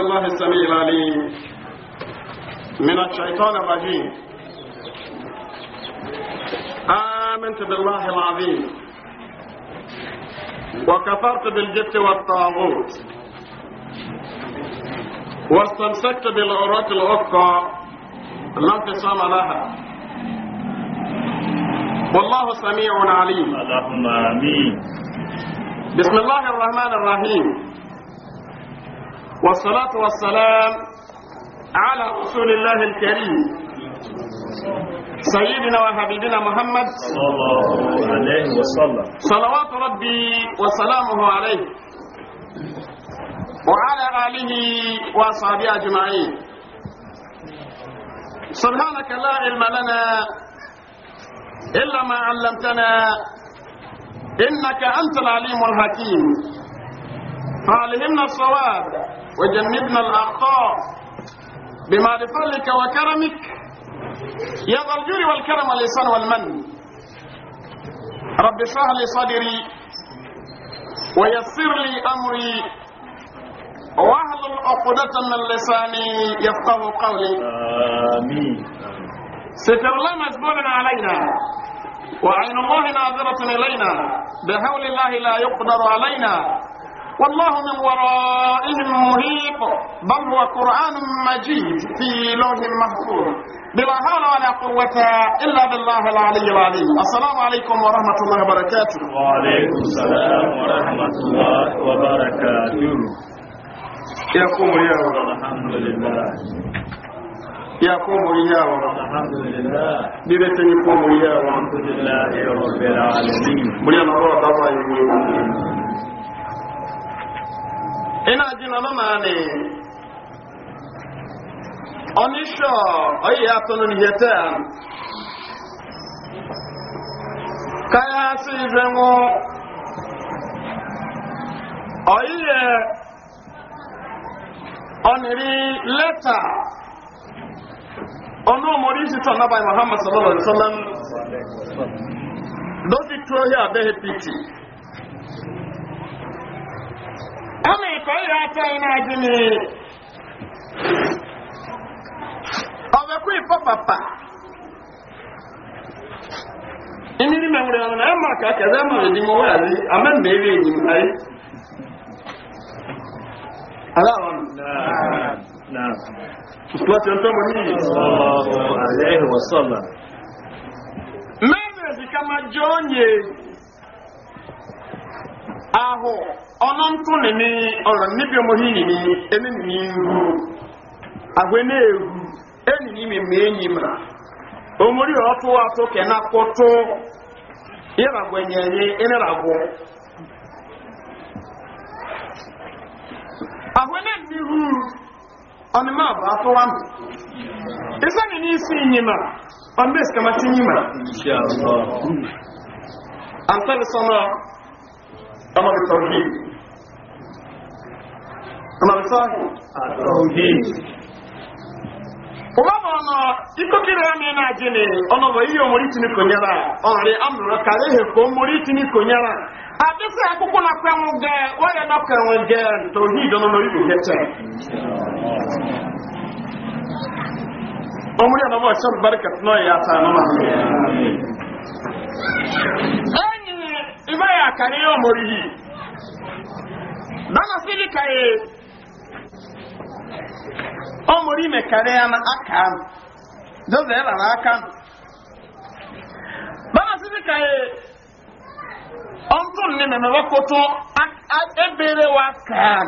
الله السميع العليم من الشيطان الرجيم آمنت بالله العظيم وكفرت بالجبت والطاغوت واستمسكت بالعروة الأخرى لا انقسام لها والله سميع عليم اللهم آمين بسم الله الرحمن الرحيم والصلاة والسلام على رسول الله الكريم سيدنا وحبيبنا محمد صلى الله عليه وسلم صلوات ربي وسلامه عليه وعلى آله وأصحابه أجمعين سبحانك لا علم لنا إلا ما علمتنا إنك أنت العليم الحكيم إن الصواب وجنبنا الأخطاء بما لفضلك وكرمك يا ذا الجود والكرم والإحسان والمن رب اشرح لي صدري ويسر لي أمري واحلل عقدة من لساني يفقه قولي آمين ستر الله مجبول علينا وعين الله ناظرة إلينا بحول الله لا يقدر علينا والله من ورائهم محيط بل هو قرآن مجيد في لوح محفوظ بلا حول ولا قوة إلا بالله العلي العظيم السلام عليكم ورحمة الله وبركاته وعليكم السلام ورحمة الله وبركاته يا قوم يا رب الحمد لله يا قوم يا رب الحمد لله بيتني قوم يا رب الحمد لله رب العالمين مريم الله الله يقول ina ji na ọlọ́mà ni oníṣọ́ ọyẹ atọ́nù ní yẹtẹ́ à káyà sí ìfẹ́ wọn ọyẹ ọ̀nìrí lẹ́tà ọ̀nà ọmọdé ìsìtọ̀ náà báyìí muhammad sallallahu alaihi wasallam lọ́sí tó yẹ ama ìkọ̀yà ata yìí náà dín ní. ọbẹ̀ kú ìfọ̀ pàpà. ìní ní mẹ́wúrẹ́ ọ̀nà ẹ̀ máa kàkẹ́ ẹ̀ máa di mọ́ wáyà rí àmẹ́ mẹ́rin èyí mú láyé. aláwọ̀ nà. Ìsúlọ́tì ọ̀tọ́ mo níyì. ahụ ọnụ ntụ nini ọrụ nnibi omuhi nini eni nini ihu agwe na-ehu eni nini ma enyi ma omori ọtụ atụ ke na kwụtụ ịra gwenyeghị ịnara gwụ ahụ na nnihu ọnụma bụ atụwa m ịsa nini isi nyi ma ọ na esikamati nyi ma antọrịsọ na أمر التوحيد أمر صاحب التوحيد ọmọọmọ ikokere ọmọ ẹ náà jẹni ọmọọmọ yíyọ mori tini konyara ọrẹ amúrọ kàlẹ èkó mori na konyara àbísẹ akókó náà pẹ̀wọ̀n ta ẹ̀ ìbá yà kàrí yóò mọ̀rí yìí dáná sí líka yìí ó mọ̀rí mẹ̀kàrí na aka jọ́sẹ̀ yà rárá aka dáná sí líka yìí ọ̀ntún ní mẹ̀mẹ̀ wọ́kọ̀tọ̀ ebèrè wa kàn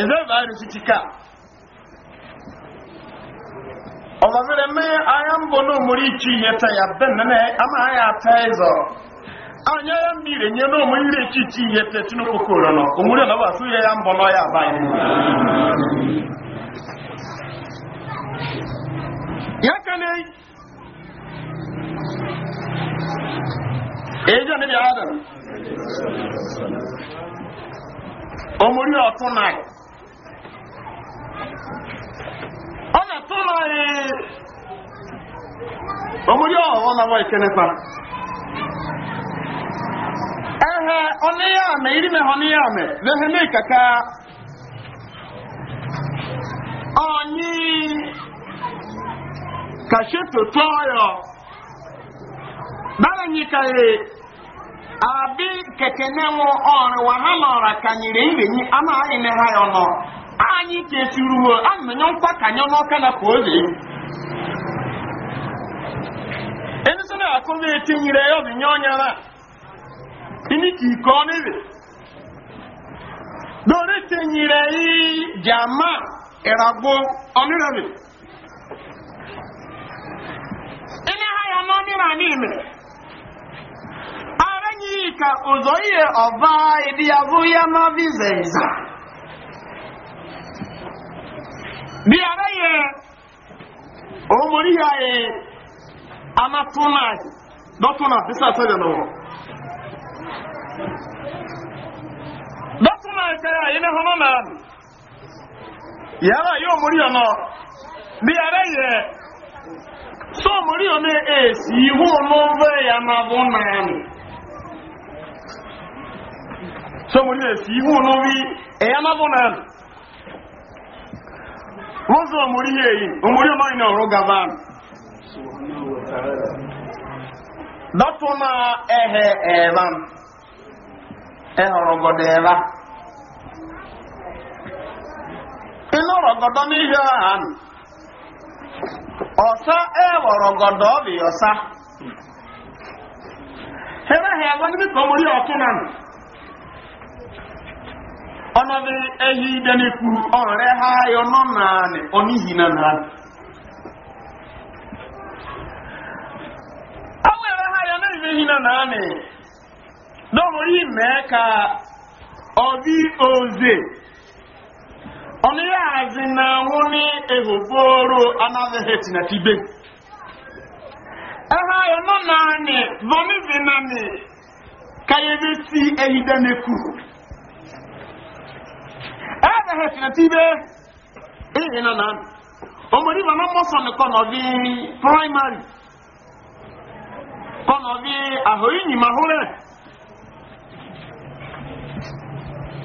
ẹ̀fẹ́ bá rí títí ká ọ̀bàbẹ̀rẹ̀ mẹ́ ayé ń bọ̀ náà anya ya mmiri nye na omuyire ekiti ihe te tinubu koro no na ba suye ya mbo no ya abaye ya kane ejo ne bi adam omuri otun na e- ona tun na omuri e- o ona wa ikene ehe ọnụ ya ame iri na ọnụ ya ame lehe na ikaka onye kasheto tọọyọ dara nyi kaye abi keke newo ọrụ wahala ọra kanyere ibenyi ama anyị ne ha ya ọnọ anyị kesuru ho anyị menye nkwa kanye n'ọka na ka ozi ẹni akọ na ya iniki iko nibi lórí tẹ̀yìnrẹ̀ yìí jàmá ìràgbó ọ̀nìrẹ̀mì ya ayọ̀ náà nira ní ìmẹ̀ ààrẹ yìí ka ozo òzò oba ọ̀bá ìdíyàwó ya má bí zẹ̀yìnzà are ààrẹ yìí ya mọ̀rí yà yìí na dọ́túnà bí na náà dɔkuma kɛra a yi Yaba hɔn ma ono yóò mórí So bí ono yẹ sọ mórí ọmọ èsì ihu ọmọ ọmọ ẹ̀yà máa bọ́ náà nù sọ mórí na ihu ọmọ ẹ̀yà máa bọ́ náà nù wọ́n sọ mórí yẹ ịhụrụgodo ebe ịnụrọgodo n'ihe ọha ọsa ịhụrụgodo e ọ bụ ọsa hebe ha agwa ndị ka ọmụrụ ya ọtụ na ọnọdụ ehi ide n'ikwu ọrịa ha ya ọnọ naanị ọn'ihi na naanị ọ were ha ya na-ehi na naanị n'obodo ime ka ọbi oze ọnụ ya azị na ahụ ni ehoboro anaghị heti na tibe ẹha ayọ nọ naanị vọmizi naanị ka ya ebe si ehide n'eku ẹha e heti na tibe ihe nọ naanị omori ma na mọsọ nìkọ nọbi primary kọ ahụ inyi ma hụ rẹ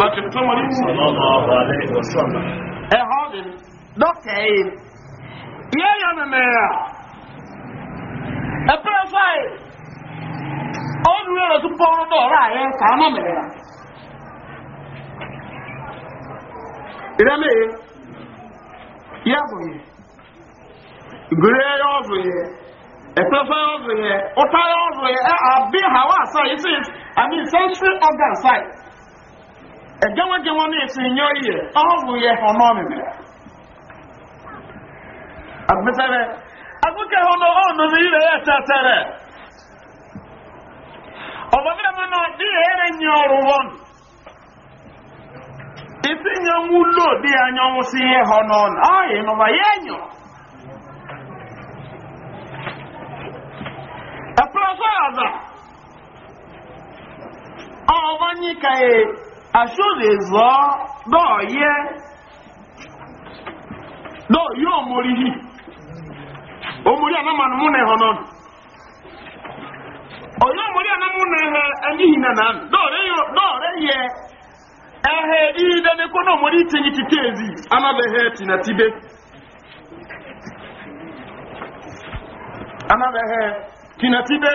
láti tó mọ̀ nínú ẹ̀họ́ bí dọ́kítà yìí yẹ́ yọ mẹ́mẹ́rẹ́ à ẹ̀pẹ́ fáì ọdún yẹn lọ sí pọ́nrọ́ náà ọ̀rọ̀ àyẹ kàá mọ̀ mẹ́rẹ́ à. ìrẹ́mẹ̀ yẹ yẹ bọ̀ yẹ ìgbèrè ya ọ̀dọ̀ ya àbí hàwá àṣà yìí sí àmì sensory organ side. ẹjọ́wọ́ jẹ́ wọn ní ìsìn yọ iye ọ́hùn yẹ ọ̀nà mímẹ́ agbẹ́sẹ̀rẹ̀ agbẹ́kẹ̀ ọ̀nà ọ̀nà mi ilẹ̀ yẹ tẹ́tẹ́rẹ̀ ọ̀bọ̀ bí ẹ̀mọ́ náà dí ẹ̀rẹ̀ yẹ ọ̀rùn wọn ìsìn yọ ń wúlò dí anyanwó sí ka e asúlè zọ́ dọ́ọ̀yẹ́ dọ́ọ̀yẹ́ òmòrì yìí òmòrì ànámànùmú nà ẹ̀họ́ náà òyẹ́ òmòrì ànámú ọrịa ẹ̀hẹ́ ẹ̀yìn nà náà dọ́ọ̀rẹ́ yẹ ọrịa ìdẹ́nẹ́kọ́ náà ọrịa tẹ̀yìn títẹ̀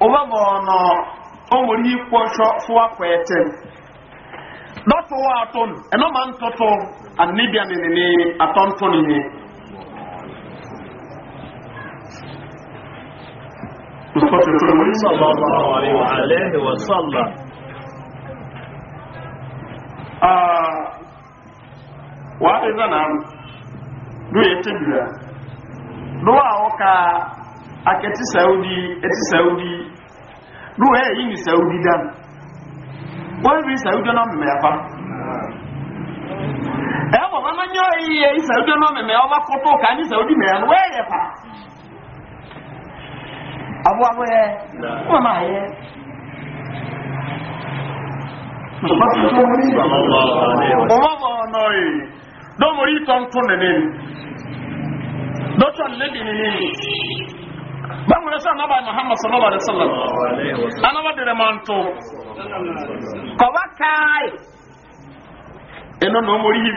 ụba bụ ọnụ o nwere ikwu ọchọ fụwa kwete dọtụwa atụ ẹnọ ma ntụtụ anibia nini atọ ntụ nini wàá rí zanam lóye tẹbi rẹ lọ́wọ́ àwọn aka eti saudi ti saudi no e yi ni saudi dan won ri saudi no me afa e mo ma ma nyo yi e saudi ka saudi me an we ye ye mo ma ye ọmọ ọ̀nà yìí lọ́mọ báwọn ẹsẹ anaba muhammad sallallahu alaihi wa sallam anaba dèrè máa ń tó kọba káyì ẹnu nà ọmọ yìí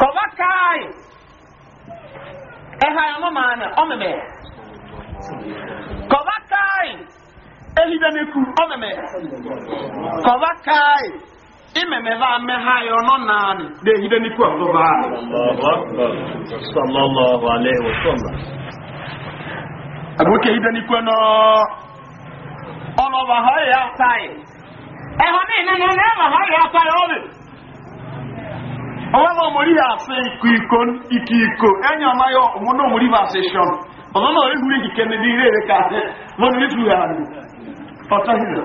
kọba káyì ẹha ọmọ kọba kaayi. imemebe mmeha ya ọnọ naanị dehide n'ikwu ọzọba Agw'oke hide n'ikwu ẹnọ ọlọba ha ya táyì E ní na ya táyì ọbẹ ọwọ́ náà mọ̀rí àṣẹ ikú ikó ikú ikó ẹ̀yìn ọmọ ayọ ọmọ náà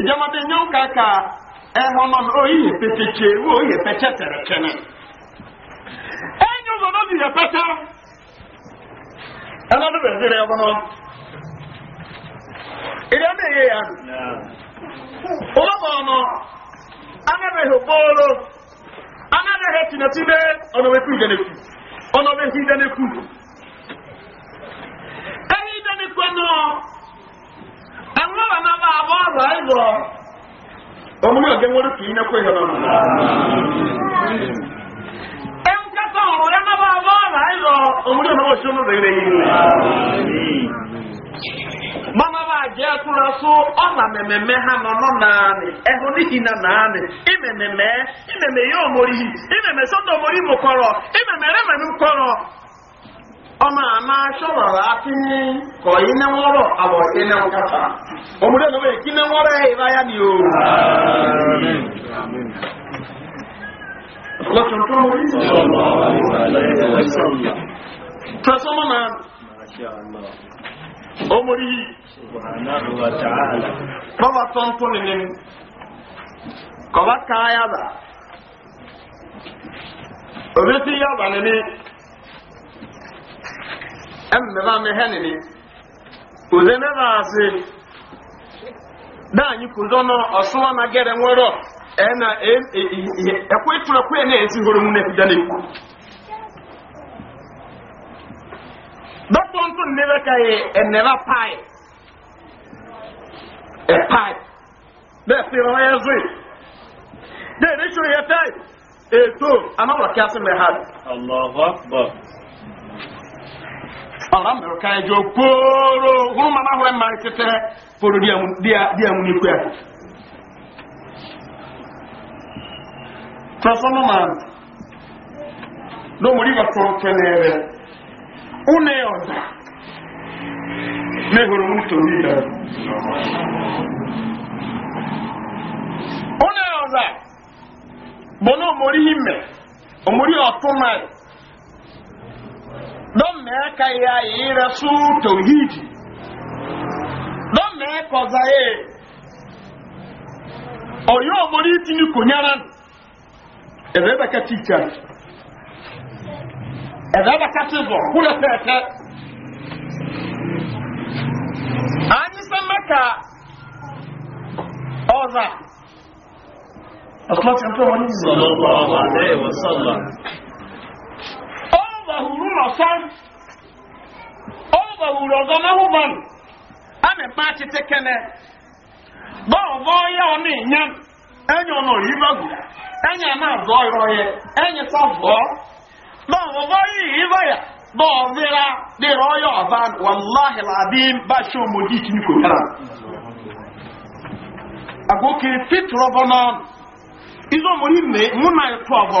ìjọmọdé nyɛ wò kàkà ɛhɔnɔ no oyi yɛ pɛtɛkyɛ wo oyi yɛ pɛtɛ tɛrɛ kyɛnɛ ɛnyɛ wò no bi yɛ pɛtɛ ɛnna no bɛ ziri ya Ụlọ mọ̀ ọnụ ɛnna bɛ hɛ bóoro ɛnna bɛ hɛ tìǹtìǹtì ẹ̀wọ́n wà máa bá àbọ̀ ọ̀rọ̀ ẹ̀rọ. ọmọ náà gẹ́gẹ́ wọ́n kì í nẹ́kọ̀ọ́ ìyọ̀ náà. ẹ̀wọ́n kẹta ọ̀rọ̀ yẹn máa bá àbọ̀ ọ̀rọ̀ ẹ̀rọ. ọmọ náà náà wọ́n ṣe ọmọdé ha nọ nọ nàánì ẹ̀hún ní ìnà nàánì ìmẹ̀mẹ̀mẹ̀ ìmẹ̀mẹ̀ yẹ ọmọ àmà sọ̀rọ̀ àti ní kọ̀ iná wọ́rọ̀ àwọ̀ iná kàtà ọmọdé lọ́wọ́ èkí iná wọ́rọ̀ ẹ̀ ìbáyá ni o. lọ́tún tó mú rí. tẹ̀sánmọ́ náà ọmọdé yìí bọ́bá tó ń tó nìyẹn kọ̀bá káyà dà òbí tí nìyẹn. mmeba mehenini uzene baasi danyi kuzono osuwa na gere nwero ena ekwetura e, e, e, kwe na ezi horo mu nekuja neku dɔkpɔn tun nebe ka ye eneba paaye ɛpaaye bɛɛ fi hɔn yɛ zoe de ereso yɛ taaye eto anawulɔ kiasi mɛ ha. ọ̀rọ̀ ọ ká ẹjọ́ pòórò hún ma máa hùrẹ́ máa tẹ́tẹ́ pòórò díàmú ní pẹ́ tọ́sọ́nù máa lómúrí wà tó kẹ́lẹ̀ rẹ̀ ó ní ọ̀dà mẹ́hùrù mú torí rẹ̀ ó ní ọ̀dà bọ́nà don me ka ya yi rasu tauhidi don me ka zaye oyo mori tini kunyaran ebe ba ka teacher ebe ba ka tizo kula fete anyi san maka oza Asmatu Antoine Sallallahu Alaihi Wasallam bahuru n'ọsán kene ya ọ na-enye enye ọ nọrọ a na-azọ ịrọ ya enye sa zọọ bọọbọ ya ịba ya bọọbịra dịrọ ya ọba wallahi ladim bashi kara n'ọnụ mme mụ na ọbọ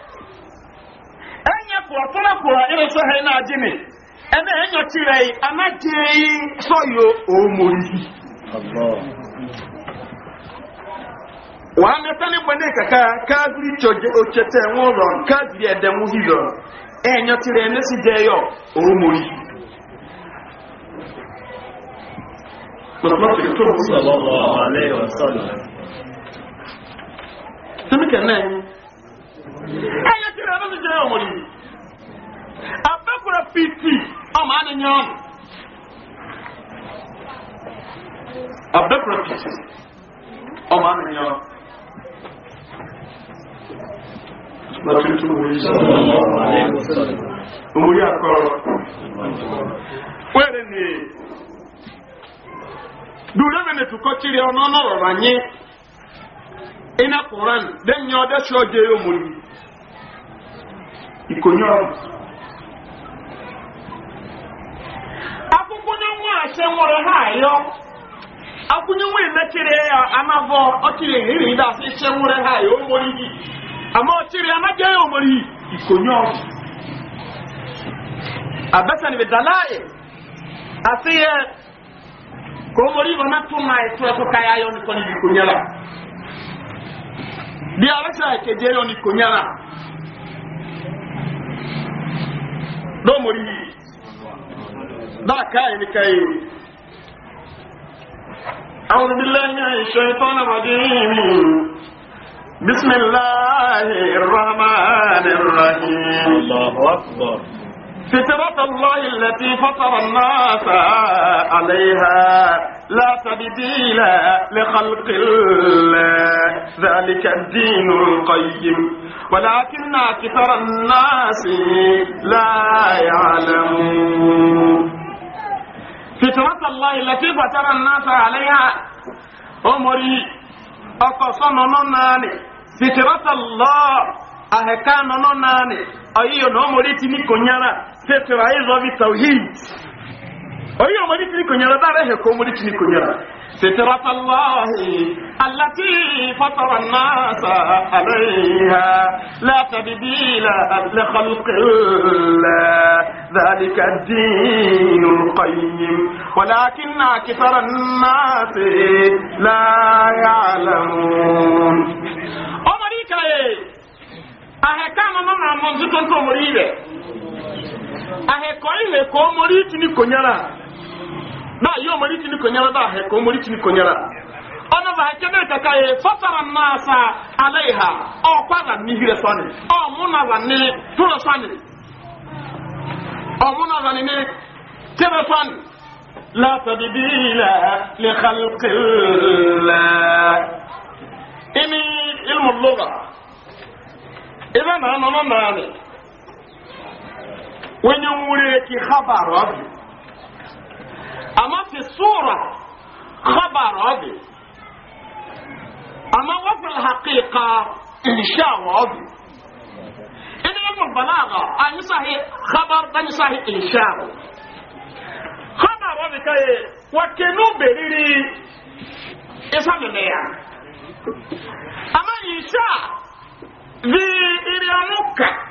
enye kụọ tụrụ kụọ ịrụsọ ha na jini ene enyochire yi anaghị sọyo omori wàá mẹta ní pẹlú kàkà káàdì ìjọjẹ òkètè wọn rọ káàdì ẹdẹmú hìlọ ẹnyọtìrẹ ẹni náà ɛyɛ ti rɛ ɛbɛn gyina ɔmo yi abɛkura piti ɔmo ani nyɛ ɔmo abɛkura piti ɔmo nyɛ ɔmo. akọrọ. ni kiri ọ̀nà ọ̀nà ọ̀rọ̀ ina quran den nyo da sho je yo muri ikonyo akwụkwọ na nwa ase nwere ha ayọ akwụnye nwa emechiri ya amavọ ọchịrị hiri ida asị ise nwere ha ya omori gị ama ọchịrị amaghị ya omori ikonyo abẹsẹni bi dalaye asị yẹ kò omori bọ na tó ma ẹtọ ẹtọ káyà yọ nìkan ní ikonyo la. di arasa keje yo ni konyara do mori da kai ni kai أعوذ بالله من الشيطان الرجيم بسم الله الرحمن الرحيم الله أكبر فطرة الله التي فطر الناس عليها لا تبديل لخلق الله ذلك الدين القيم ولكن أكثر الناس لا يعلمون فطرة الله التي فطر الناس عليها أمري أقصى نوناني فطرة الله أهكان نوناني أي أمري تني كنيرا tetero aizo bitawhid oyo muri kiri kunyara barehe ko muri kiri kunyara سترة الله التي فطر الناس عليها لا تبديل لخلق الله ذلك الدين القيم ولكن أكثر الناس لا يعلمون أمريكا أهكام مما منزل كنتم مريبا ahẹ̀kọ́ ìhẹ̀ kọ́ mọ́rí tí ní kò nyára náà yóò mọ́rí tí ní kò nyára bá ahẹ̀kọ́ mọ́rí tí ní kò nyára ọ̀nà bá ẹ̀kẹ́ ala kàkà yẹ fọ́tara náà sa alẹ́ ìhà ọ̀kọ́ àgbà ní hìrẹ̀ sọ́ni wenye mureki khabar abi ama fi sura khabar abi ama wafi alhaqiqa insha abi ina yamu balaga ani sahi khabar ani sahi insha khabar abi kaye wakenu beriri isa mimea ama insha vi iriamuka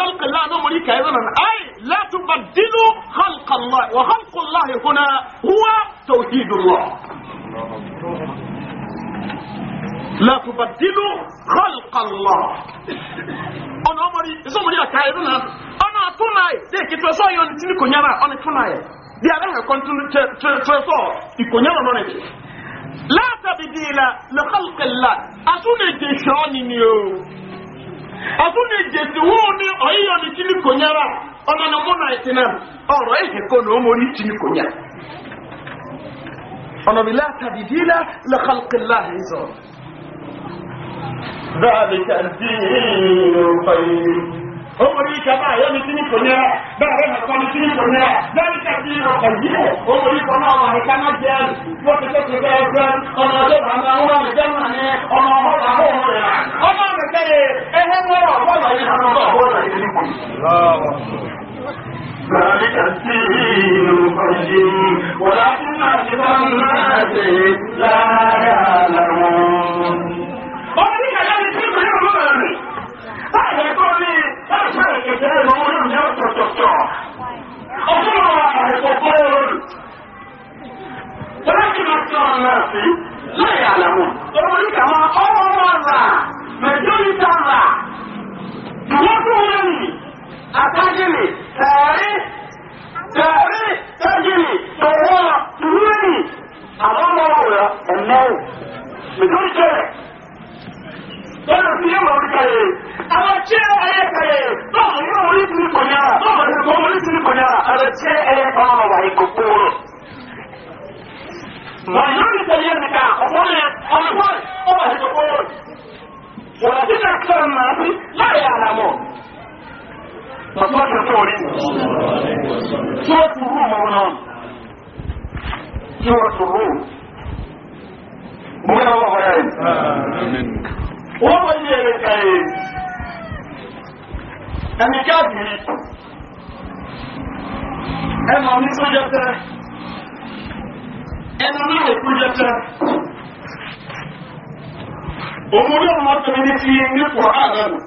خلق الله أنا مريكا أيضا أي لا تبدلوا خلق الله وخلق الله هنا هو توحيد الله لا تبدلوا خلق الله أنا أمري إذا مريكا أيضا أنا أتوناي ديكي تسوي يونتيني كنيانا أنا أتوناي di ala hɛ kɔntun tɛ tɛ tɛ sɔ ikonyama nɔ ne ti laata bi asúnni jèsì wọ́n ní ọ̀yíyọ̀ ní tí ní kònyá rà ọ̀nà ni mú náà ti náà ọ̀rọ̀ ìhìn kọ́ ní ọmọ ní tí ذلك الدين القيم omori ọmọ ọdẹ bàmà wọn mi jẹun nani ọmọ ọmọ la hó wọn ولكن أكثر الناس لا يعلمون وذلك ما أول مرة مجلس الله تمكنني أتجني تاريخ تاريخ تجني تورا تهوني أمام الله النوم مجلس don su yi ma wuri kare amma ce a yi kare don su yi ma wuri sini konyara don su yi ma wuri sini konyara amma ce a yi kama ma wari ko kuro ma yi wuri sani yadda ka a wani a wani wani o ma yi ko kuro wala ti na kira ma fi la yi ala mo ma so ta to wuri so tu ru ma wani so tu ru mu yi wa wa yayi amin wọ́n mọ̀ ní èrè kàyè ẹni káàkiri ẹ mọ̀ ní sójọ́ tẹ́rẹ́ ẹni ní èkújọ́ tẹ́rẹ́ òun ló mọ̀ tóbi ní ti ní pọ̀ àgbàdo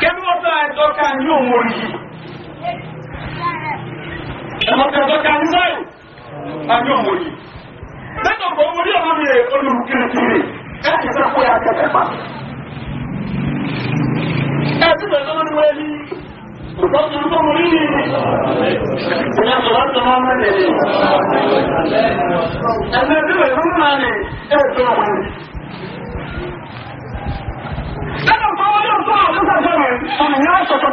kẹ́mi wọ́n fẹ́ ẹ̀dọ́ka ní òun orí yìí ẹ̀mọ̀tẹ̀ ẹ̀dọ́ka ní sáyò àjọ òun orí yìí lẹ́tọ̀ọ̀kọ̀ òun ẹ̀sìn sẹ́ fún ya pa ẹ̀sìn sẹ́ tó ní wẹ́lí ìtọ́jú tó mú rí ní ìyá sọ̀rọ̀ tó máa mẹ́lẹ̀ ní ẹ̀sìn tí wẹ̀ fún máa ní ẹ̀sìn ọ̀wẹ́ ẹ̀nà tó wọ́n yóò tó àwọn ọ̀sán sẹ́wẹ̀ ọ̀nà yóò sọ̀tọ̀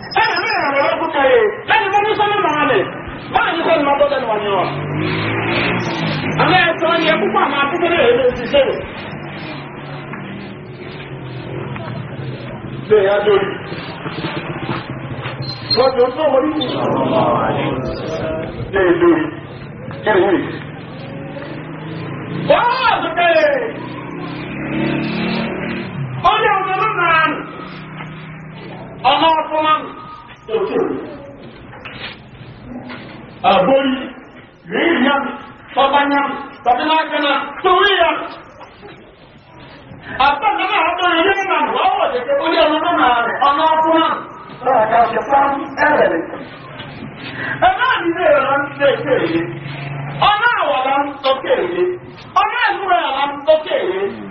ẹnì mi ràn wọ́n kú kẹyẹ ẹnì mo ní sọ́nà màá mi báà ní sọ́nà máa bọ́dọ̀ wọn yọ. àmì ẹ̀sọ́ yẹ púpọ̀ àmà àkúkúrẹ́ èlò òṣìṣẹ́ rẹ̀. bẹ́ẹ̀ yá dórí. wọ́n jọ ń tọ́ wọlé kù. bẹ́ẹ̀ dórí kí ni wíì. wọ́n á sọ ó ní ọ̀gá ló nà ọmọ ọkùnrin òkè àbórí rèé yam tọ́bányam tọ́bínákaná torí yam àbájáde àbọ̀ ilé ìgbà lọ́wọ́ na ó yẹ ọmọ náà rẹ̀ ọmọ ọkùnrin náà na ṣe fún ẹ̀rẹ̀ ẹ̀rọ àdìsẹ́ ìrọ̀lá ń ṣe èké èyí na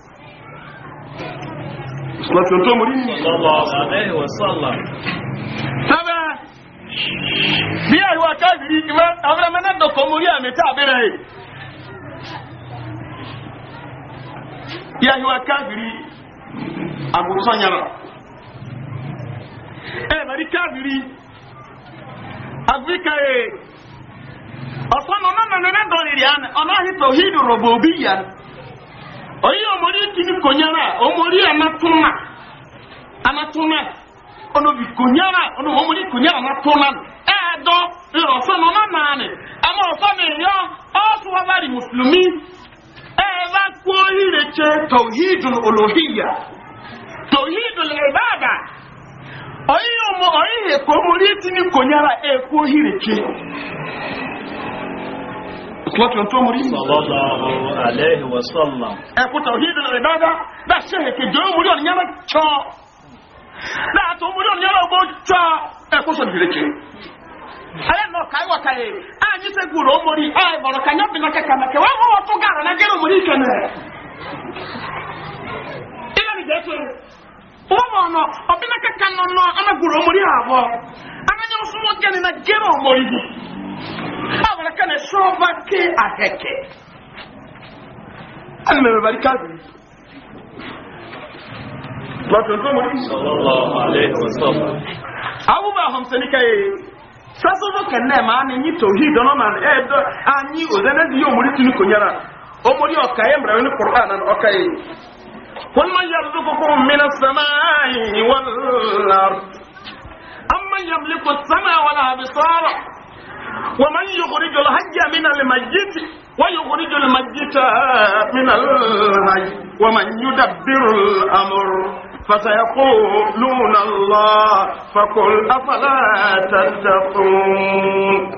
ìsìláṣẹ́ tó mú rí ní sábà bí àríwá káàkiri ìmọ̀ àwọn ọmọ náà dọ̀kọ̀ mú rí àmì tá oyi omori tini konyara omori anatuna anatuna ono bi konyara ono omori konyara anatuna ɛɛdɔ e irɔsɔ nɔnɔ naani ama ɔfɔ mi yɔ ɔsɔ wabari musulumi ɛɛba e kóyi le tse tɔhidun olohiya tɔhidun ibada oyi omo oyi eko omori tini konyara ɛɛkóyi e le صلاة ينتوى مريم صلى الله عليه وسلم اكو توحيد العبادة دا شهك جو مريم ينك شو دا تو مريم ينك بو شو اكو سن فيلكي ale nɔ kae wa kae a se mori ka nya bina gara na mori kɛnɛ i ni ye o mɔ nɔ ana na gɛrɛ mori abaraka na sɔɔba ke ahɛkɛ ɛna mɛmɛ bari ka bi lɔtɔntɔmɔ ni. sɔlɔlɔ ale sɔlɔ. awo bɛ ahomsɛni ka ye sasoso kɛnɛ maa ni nyi tohi dɔnɔ na ɛ dɔ a nyi ozɛnɛ di yɛ omori tunu konyara omori ɔka yɛ mɛrɛ ni kɔrɔ anan ɔka ye. قل من يرزقكم من السماء والأرض أمن يملك السماء والأبصار ومن يخرج الحج من الميت ويخرج الميت من الحي ومن يدبر الأمر فسيقولون الله فقل أفلا تتقون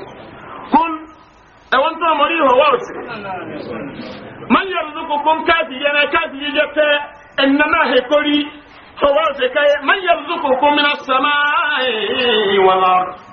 قل أوانت مريه وارسي من يرزقكم كافي ينا كافي يجتا إنما هكوري فوارسي كي من يرزقكم من السماء والأرض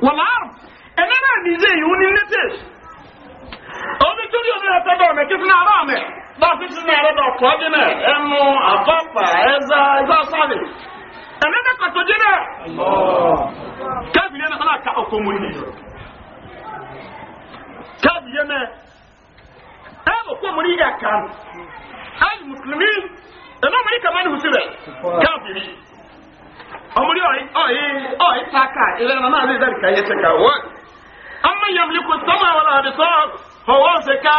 wàlárù wọn ní létí omi tó rí omi rẹ tọdọ mẹ kí sinú àrà mẹ bá a fi sinú àrà dọ kọ dín náà ẹnu àfọpà ẹza ẹza sáré ẹni náà ọmọdé ọ̀yí taka ilẹ̀ náà náà lè dárí ká yẹ ṣe ká wọ́n. ọmọ yẹn mi kò sọ́mọ àwọn àdìsọ́ ọwọ́ ṣe ká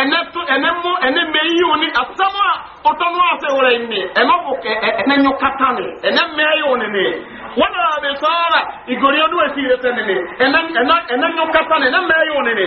ẹnẹ tó ẹnẹ mú ẹnẹ mẹ́yìí òní àtàmú ọ̀tọ́nú àṣẹ wọlé ní ẹnẹ bò kẹ ẹnẹ nyọ kata ní ẹnẹ mẹ́yìí òní ní. wọ́n náà àdìsọ́ ọ̀la ìgòrí ọdún èsì ìrẹsẹ̀ ní ní ẹnẹ nyọ kata ní ẹnẹ òní ní.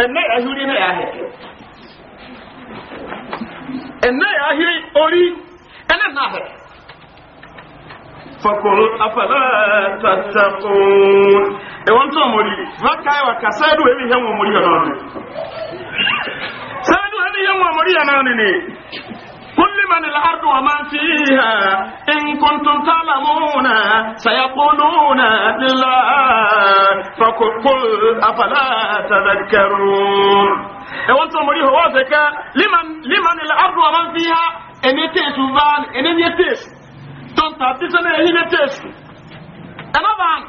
ẹ̀nẹ́ ẹ̀hìrí na yàhẹ̀ ẹ̀nẹ́ yàhìrí orí ẹ̀nẹ́ náà hẹ̀ fọkùnrin afẹ́lẹ́ tàtàkùn ẹ̀wọ́n tó mọ̀rí wọ́n ká ẹwà ká sáyẹ́dù ẹ̀mí hẹ́wọ̀n mọ̀rí قل لمن الأرض ومن فيها إن كنتم تعلمون سيقولون لله فقل أفلا تذكرون ẹwọ́n tó mọ̀rí ọwọ́ ọ̀sẹ̀ká liman ìlàrùn ọmọ fi ha ẹni tẹ́sù van ẹni ní tẹ́sù tọ́ntà tí sẹ́nà ẹni ní tẹ́sù ẹ̀nà van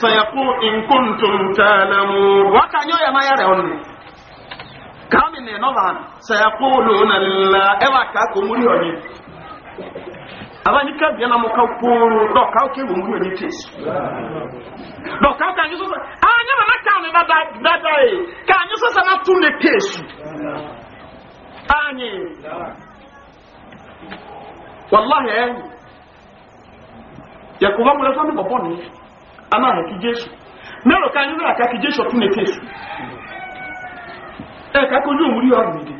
sọ̀yẹ̀kú nǹkan tó ń tẹ́lẹ̀ mú wákàá yóò yẹ máa yára ọ̀nà kàmì ní nọ́bà sẹ́kù lónà ńlá ẹwà kàkó múrí ọ̀yẹ́ abáníkà bíẹ́ na mo ká kóró dọ̀ká ó kéwòn múrí ọ̀yẹ́ tẹ̀sí dọ̀ká ó kànyé sọ́sọ́ ànyẹ́ màmá kàmì dáadáa yìí kànyé sọ́sọ́ náà tún lè tẹ̀sí ànyẹ́ wàláhì ẹ̀yìn yẹ kò bá mo lọ sọ́nù bọ̀bọ̀ ni a máa hẹ̀ kí jésù mẹ́rọ̀ kànyé sọ́sọ́ àkàkí jésù ọ̀tún lè tẹ̀sí ẹ̀ka kó ní òmùrí ọ̀rùn ìdè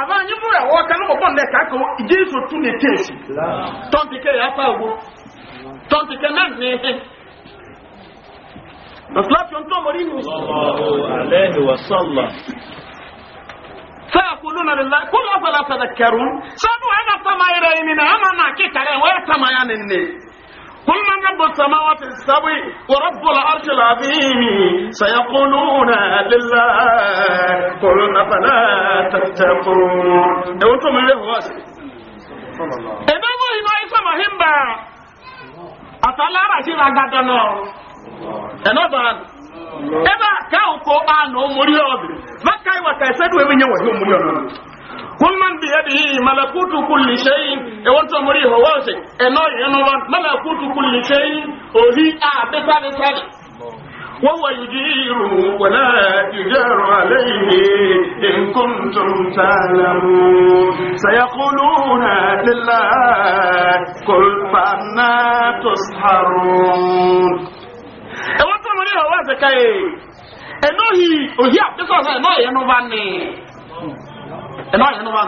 àbá anyi múra ẹ̀wọ́ ọ̀ka ló mọ̀gbọ́n náà ẹ̀ka kó jésù tún ní kéèsì tọ́ǹtìkẹ́ yà pa ògbó tọ́ǹtìkẹ́ náà ní ẹ̀hẹ́ lọ́sọ̀lọ́pì ọ̀ntọ́ mọ̀rí nù. sáà kúlú nàlẹ́ la kúlú ọ̀gbọ̀lá sàdà kẹrù sọ́dún ẹ̀ قل من رب السماوات السبع ورب العرش العظيم سيقولون لله قل أفلا تتقون ده وانتم اللي هو إذا هو إذا إسم همبا أتلا رشيد أغادنا أنا بان إذا كاوكو آنو مريوب ما كاي وكاي سيدو إبن يوهي مريوب kun man bi yadihi malakutu kulli shay'in e wonto mori ho wawse e no yeno wan malakutu kulli shay'in o hi a be sale sale wa huwa yujiru wa la yujaru alayhi in kuntum ta'lamun sayaquluna lillahi qul fa anna tusharun e wonto mori ho wawse kay e no hi o hi a be sale no yeno wan ni ẹ̀nà ọ̀yẹ́ níwá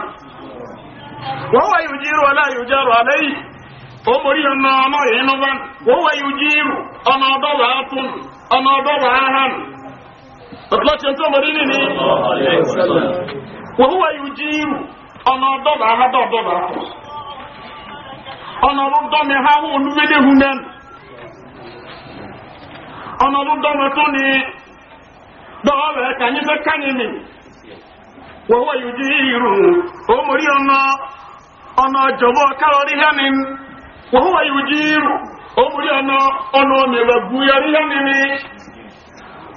wọ́n wà yóò jíru ọlá yóò jẹ́rù àlẹ́yìn ó mórí ọ̀nà ọmọ yìí níwá wọ́n wà yóò jíru ọ̀nà ọ̀dọ́ wà á tún ọ̀nà ọ̀dọ́ wà á hàn ọ̀tọ́lọ́tì tó mórí nìní wọ́n wà yóò jíru ọ̀nà ọ̀dọ́ wà á dọ̀ ọ̀dọ́ wà á tún ọ̀nà ọ̀dọ́ mi ha wọ́n olúmẹ́lẹ́ hu nẹ́nu ọ̀nà mi tún ni dọ́ọ̀rẹ́ kàní fẹ́ kánìmì wọ́wọ́ yìí ìrù omori ọ̀nà ọ̀nà ya kárọ̀rí hẹ́nin wọ́wọ́ yìí ìrù omori ọ̀nà ọ̀nà ọ̀nà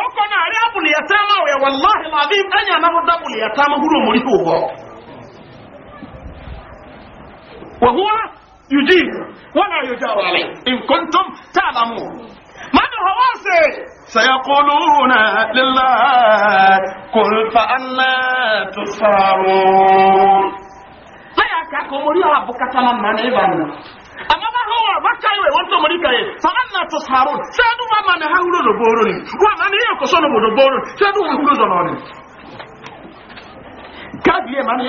ọkọ náà rí abùlì ẹ̀tẹ́ máa wẹ̀ wọ̀ láàrín láàbí ẹ̀yà náà wọ́n dábùlì ẹ̀tẹ́ máa húrò mọ̀rí kò wọ́ wọ̀húwá yùjí wọ́n náà yóò jáwọ́ rẹ̀ nǹkan tó tààlà mú mọ́nà ọwọ́ sí سيقولون لله قل فأنا تسهرون لا يكاكم ريا بكتنا من إبانا amma ba hawa ba kai wai wanto muri kai fa anna tasharun sai du ma na hawlo ulo boro ni wa ma ne ko sono boro sai du hawlo do ni ka biye ma ne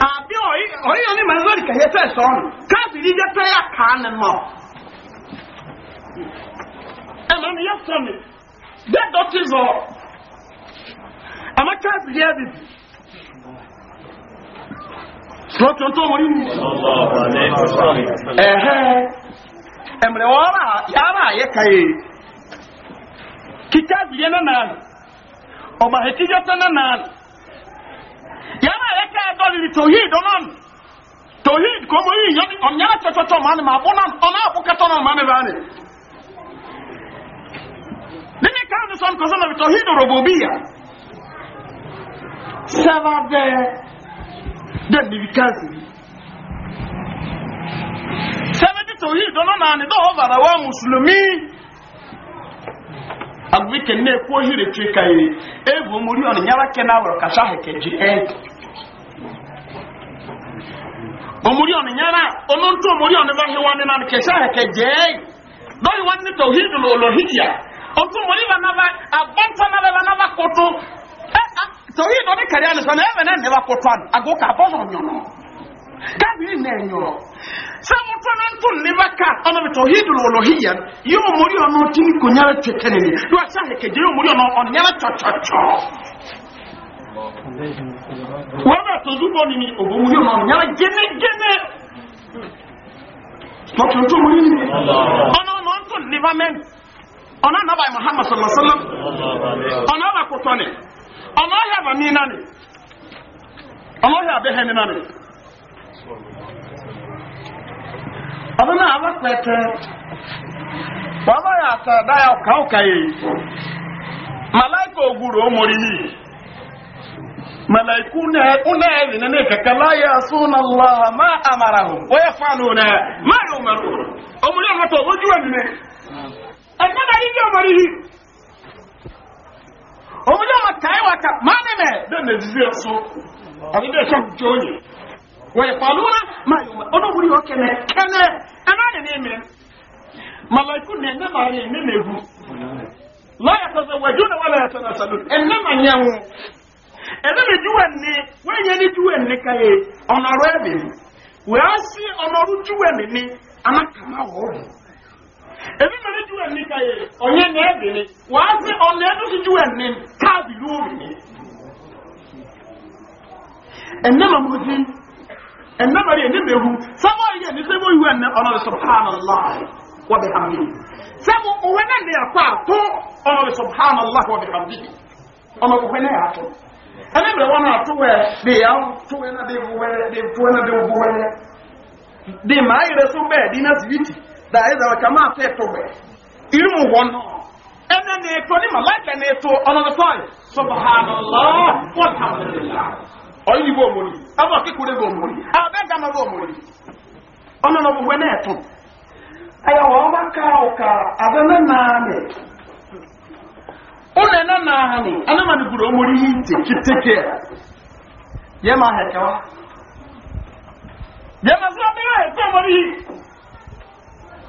a bi oi oi ani ma zori kai sai son ka ya kan mo e ma ne lọ́tún tó wọlé mú. ẹ̀hẹ́ ẹ̀mìrẹ̀ wọ́n rà yàrá ayé kàyé kìtá bìyẹ nànàn ọba hẹtìjọ tẹ nànàn yàrá ayé kàyé dọ́lìlì tòhíì dọ́nàn tòhíì kòmó yìí yọ ọ̀nyára tẹ̀tọ̀tọ̀ màá ni màá bọ́ náà ọ̀nà àbúkẹ́tọ̀ náà màá ni bá ni. nínú káàdì dẹ́ni ibi káàkiri sẹ́mẹ́tì tòhí ìdọ́nà náà ni dọ́wọ́ bàrà wá mùsùlùmí agbẹ́kẹ̀ ní ẹ̀kọ́ hìrì tí kàyè ẹ̀bù omori ọ̀nà nyara kẹ́nà wọ̀rọ̀ kàṣà hẹ̀kẹ̀jì ẹ̀ omori ọ̀nà nyara ọ̀nọ́ntò omori ọ̀nà bá hẹwà nínú àná kẹṣà hẹ̀kẹ̀jì ẹ̀ dọ́wọ́ wọn ní tòhí ìdọ́nà olóhìyà ọ̀tún omori bá náà bá abọ́ntàn náà bá náà bá kótó torí ìdọ́ ní kẹ̀lé ẹni sọ́nà ẹ̀mẹ̀ náà nẹ́wà kó tán àgó ká bọ́ sọ̀ yọ̀nà káàbì yìí nà ẹ̀yọ̀ sẹ́mu tó náà tún níbà ká ọ̀nà mi tó hí dùrù wọ̀lọ̀ hí yẹn yóò mórí ọ̀nà tí kò nyára tó tẹ̀ nìyí ló wà sáà kẹjẹ yóò mórí ọ̀nà ọ̀nyára tọ̀tọ̀tọ̀ wọ́n bẹ̀ tó zúbọ̀ nìyí òbò mórí ọ̀nà ọ̀nyára gẹ́nẹ́gẹ́nẹ́ tọ̀tọ̀ tó mórí nìyí ọ̀nà ọ̀nà tún níbà mẹ́rin ọ̀nà nàbà muhammad sallallahu alayhi wa sallam ọ̀nà àbàkùtọ̀ nìyí. ọmọ ọhịa ma mi nani ọmọ ọhịa abịaghị mi nani ya náà wọ́n pẹ̀tẹ́ wọ́n bá yà àtà dáyà ọ̀ká ọ̀ká yìí màláìkà ògùrò ọmọrí yìí màláìkù náà ọ̀nà ẹ̀rì nínú kẹ̀kẹ́ láyé asúnà lọ́wọ́ má àmàrà hù wọ́n yẹ fáànù náà má yóò mẹ́rù ọmọdé òun yóò máa kàá ìwà kà máa ní mẹ́ bẹ́ẹ̀ ní ìdílé ẹ̀sọ́ àbí bẹ́ẹ̀ kọ́ ìjọ òye wọ́n yẹ pàlú máa yọ ọlọ́wùrí yọ na kẹlẹ ẹná yẹn ní mi màláìkú ní ẹ̀nẹ́ máa yẹ ní mẹ́gu lọ́yà tọ́sẹ̀ wẹ̀jú ni wọ́n máa yẹ wọn wọ́n yẹ ọ̀nà ọ̀rọ̀ ebi mere ka ye onye ní ẹbìnrin wàá sí ọ̀nà ẹni tó ju ẹni káàbì lóòrì ẹnẹ mà mo di ẹnẹ mà rí ẹni mẹhu sábà yẹ ẹni sẹ subhanallah wà bẹ hàmì sẹmu òwe náà ní ẹkọ subhanallah wà bẹ hàmì ọ̀nà òwe da ɛdɛ ɔkɛ maa fɛ to wɛ irimu wɔn no ɛnɛ ne to ne malaika ne to ɔno ne tɔɔye subhanallah walhamdulillah ɔyi ni bɔ omori aba keko de bɔ omori abɛ gama bɔ omori ɔno ne wɛ ne to ma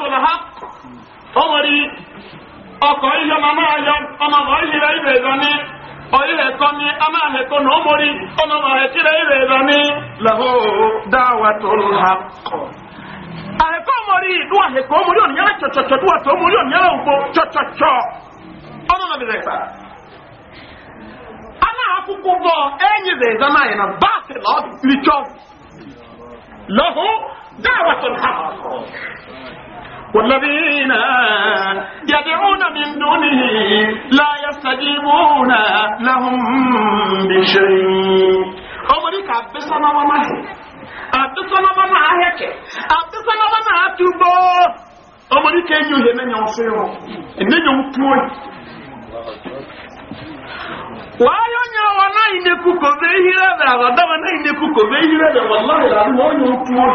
sọ̀rọ̀ ha ọwọ́rí ọkọ̀ ihe ọmọ máa yọ ọmọ bọ̀ ìhìrẹ́ ìbẹ̀ ìzọ ní ọ̀hìrẹ́ kọ́ ní ọmọ àhẹ́kọ́ ní ọmọrí ọmọ bọ̀ ìhìrẹ́ ìbẹ̀ ìzọ ní lọ́wọ́ dáwà tó ń ha kọ̀. àhẹ́kọ́ ọmọrí ìlú àhẹ́kọ́ ọmọrí òníyàrá tsọ̀tsọ̀tsọ̀ tó wà tó ọmọrí òníyàrá òǹkó tsọ̀tsọ̀tsọ̀ ọmọ mi bẹ̀rẹ̀ pa. a náà kúkú bọ̀ ẹ̀yìn ìbẹ̀ ìzọ náà yẹn náà bá والذين يدعون من دونه لا يستجيبون لهم بشيء أمريكا بسنا وما هي أبسنا وما هيك أبسنا وما تبو أمريكا يوهي من يوصيه إنه يوطوي wáyé onye ọwa náà inekwu kòbe ihire bẹ àwàdáwa náà inekwu kòbe onye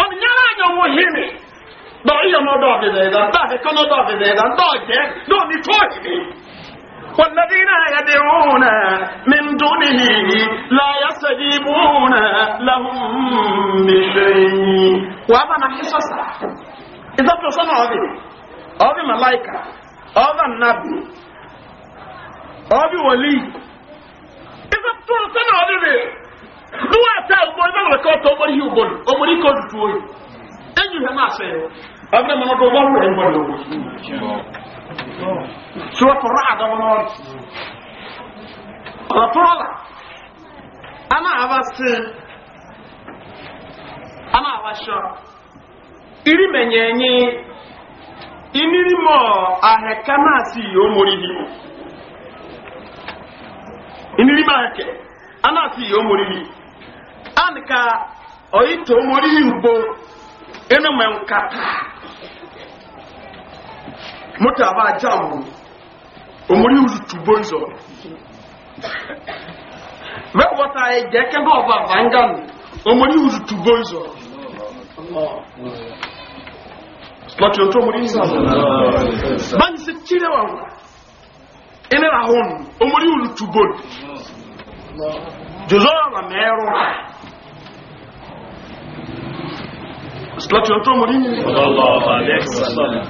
ọmọ nyara anya wọn hìrì dọ iyọ náà dọ ọdẹ dẹdẹ dọ akẹkọ náà dọ ọdẹ dẹdẹ dọ ọjẹ dọ ní tó yìí. والذين يدعون من دونه لا يستجيبون لهم بشيء وهذا ما حصص إذا تصنع أبي أبي ملايكة أبي النبي أبي ولي إذا تصنع أبي duwata ugboro na were ka ọtọ ugboro ihe ugboro ike otutu oyi enyi ihe ma asị ọ bụrụ na ọdụ ụgbọrụ were n'ọrụ ala a na iri menye enyi an ka oyi to mori yubo inu men kata mota ba jamu omori yuzu tubo nzo me wata e je ke ba ba vangan omori yuzu tubo nzo Slot yon to omori nzo ban se chire wa wa ene la hon omori yuzu jozo wa mero salatu ya ntomo rini sallallahu alaihi wasallam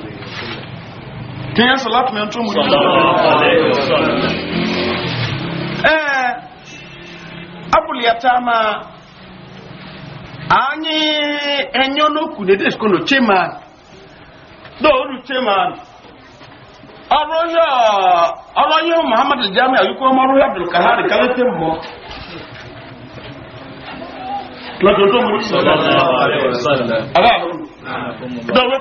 tinya salatu ya ntomo rini sallallahu alaihi wasallam eh anyi enyo desko no chema do ru chema muhammad lọ́dún tó múrí sọ̀rọ̀ àbá dáwọ́ pé mọ̀ lọ́dún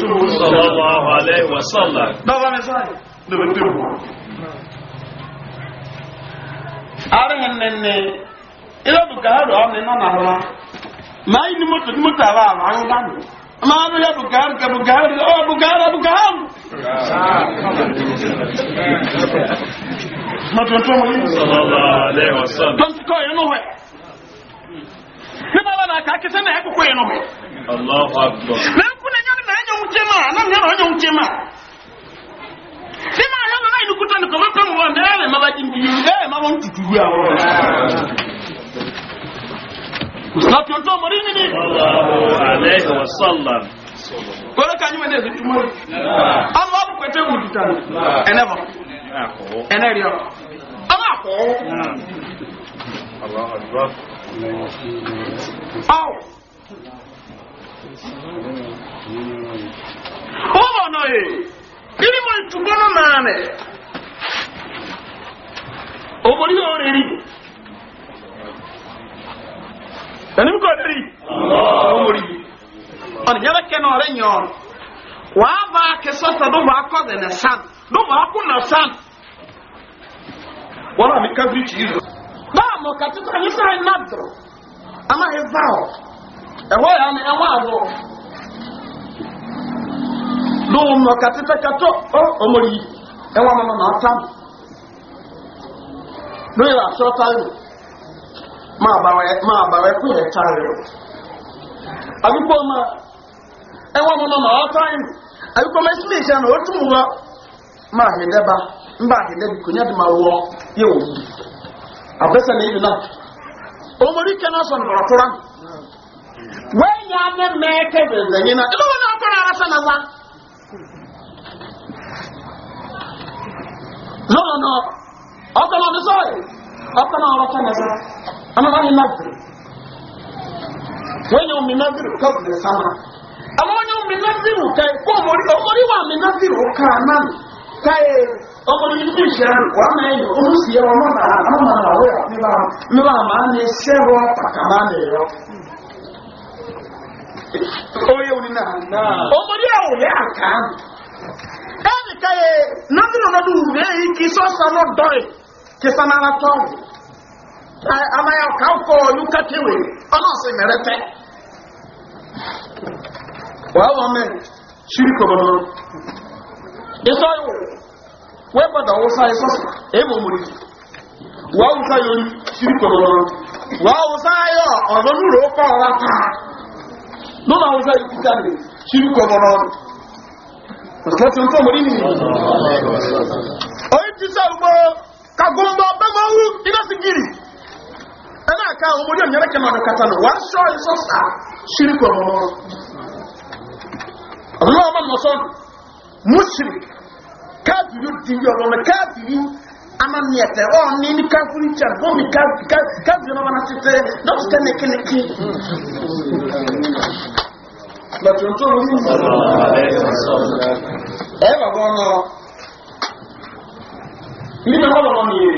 tó múrí sọ̀rọ̀ àwàlẹ̀ ìwàsọ̀lá dáwọ́ mẹ́sàn-án lọ́dún pé mọ̀ àárín ẹ̀nẹ́ni ilọ́dún kàárọ̀ ọ̀nà iná nàrọ̀ máa yí ni mọ́tò tí mọ́tò àbá àwọn àwọn bá mi máa ń rí abùgáàrù kẹ abùgáàrù ọ abùgáàrù abùgáàrù. mọ̀tò tó mọ̀ yìí. sọlọ́lá alẹ́ ọ̀sán. tọ́ntùkọ̀ yẹn nù hẹ̀. ní bàbá náà kà á kẹsẹ́ náà ẹ̀ kókó yẹn nù hẹ̀. aláwọ̀ àgbọ̀. lẹ́kùn náà yẹ́n náà ẹ̀yẹ̀ ń jẹ́ máa náà yẹ́n náà aláàkọ́ ọ̀ ọ̀bọ̀ náà yìí kíni mọ̀ ìtùgbọ́nà náà nẹ̀ òmòrí ọ̀rẹ́ rí ẹni kọ̀ rí òmòrí ọ̀nìyàrá kẹ́nà ọ̀rẹ́ yàn wàá bá kẹsọ́tà ló bá kọ́ dẹ̀ nà sàn ló bá kú nà sàn. wala mikadri chizo bamo katika kanisa ya nadro ama hezao ewe ame amazo domo katika kato o omori ewa mama na atam no ya so tayo ma bawe ma bawe ku ye tayo abipo ma ewa mama na atam ma sile jana otu mu ba ma hedeba mba de na konya de ma wɔ yɛ wɔ mu abɛsɛ na ebina omori kɛ na sɔ no bɔrɔ tora wɔn nyɛ ne mɛɛ kɛ bɛnbɛ yɛ na ɛlɛ wɔn na akɔrɔ ara na wa lɔrɔ nɔ ɔkɔlɔ ne sɔ yi ɔkɔlɔ ɔrɔ kɛ na sɛ ama wɔn nyɛ na biri wɔn nyɛ omi na biri kɔ biri sama ama wɔn omi na biri kɛ e kɔ omori omori wa omi na biri kɔ anam káyé ọkùnrin nínú ìṣẹ́rù wà mẹ́yìn olùsìyẹ ọmọ náà àwọn ọmọ náà wẹ̀ níbà máa ní sẹ́rọ kàkàmá nìyọ. Oye òní náà. Ọmọdé àwọn òní àká. Ẹnì káyé nọ́dúnrún lọ́dún rẹ̀ yìí kì í sọ́sọ́ náà dọ́rẹ̀ kì í sanára tọ́. Àmàyà ọ̀ká ọkọ̀ ọ̀lú kẹ́kẹ́wé ọlọ́sìn mẹ́rẹ́tẹ́. Wàá wọ mẹ́rin, ṣírí kọ̀ọ̀bọ̀n ìsọ yóò wọ́n gbọ́dọ̀ wọ́n sáyé sọ́sọ́ èèmọ̀ mọ̀ nìyí wọ́n wọ́n sáyé orí sírí kọ̀ọ̀rọ̀ wọ́n wọ́n sáyé ọ̀dọ́ lúrò ó kọ́ ọ̀rá ta lọ́nà wọ́n sáyé kíkà lè sírí kọ̀ọ̀rọ̀ ọ̀sẹ̀ tí ó tó mọ̀ nìyí. oyin ti sẹ́ mushrik káfíìrì ti yọ ọ̀rọ̀ káfíìrì amamiɛtɛ ɔ ni ni kafiri tsa bɔ mi ka ka kafiri ɔmana tete dɔsi tɛ neke neke. bàtúntò ló mú ẹ bá bọ́ ọ́nà nínú ọmọ ọmọ mi yé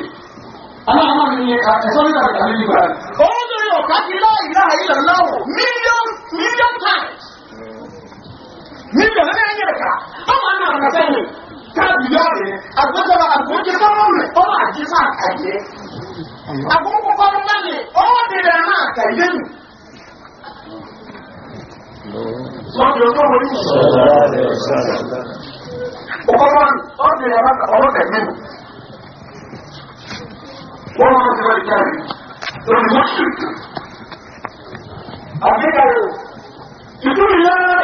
aláàmà mi yé ẹsọ mi kàkà mi yé ba. ó lórí ọ̀ká kí láàyè láàyè lọ́wọ́ mílíọ̀nù mílíọ̀nù times níbi ọ̀nà náà yẹ ká ọmọ náà ọ̀nà sẹ́yìn káàbì yọ ọ̀rẹ́ àgbọ̀jọba àgbọ̀jẹ sọ́wọ́n rẹ̀ ọmọ àjẹsà àkàyẹ àgbọ̀kọ̀ kọ́rọ̀ lẹ́yìn ọwọ́ bẹ̀rẹ̀ náà àkàyẹ nù. lọ́dọ̀ tó wọlé ọkọ̀wọ́n ọ̀bẹ̀rẹ̀ ọwọ́ bẹ̀rẹ̀ nù. wọ́n máa ń tẹ́wọ́ ìkárì olùmọ̀ṣù àbíkàrẹ̀ ìdúró yára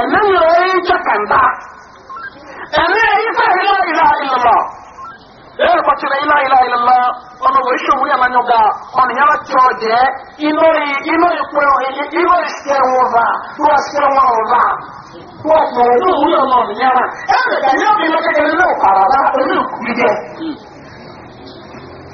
ẹ̀mí ló ń jẹ́ kàńdá ẹ̀mí ila fẹ́ ilá ilá ìlọ́lọ́ lẹ́yìn kọ́tìrẹ́ ilá ilá ìlọ́lọ́ ọ jẹ́ iná iná ìpò iná ìṣẹ́ wọn va wọ́n ṣẹ́ wọn va wọ́n pọ̀ ọ̀nà òwúyọ̀ na ọ̀nà yàrá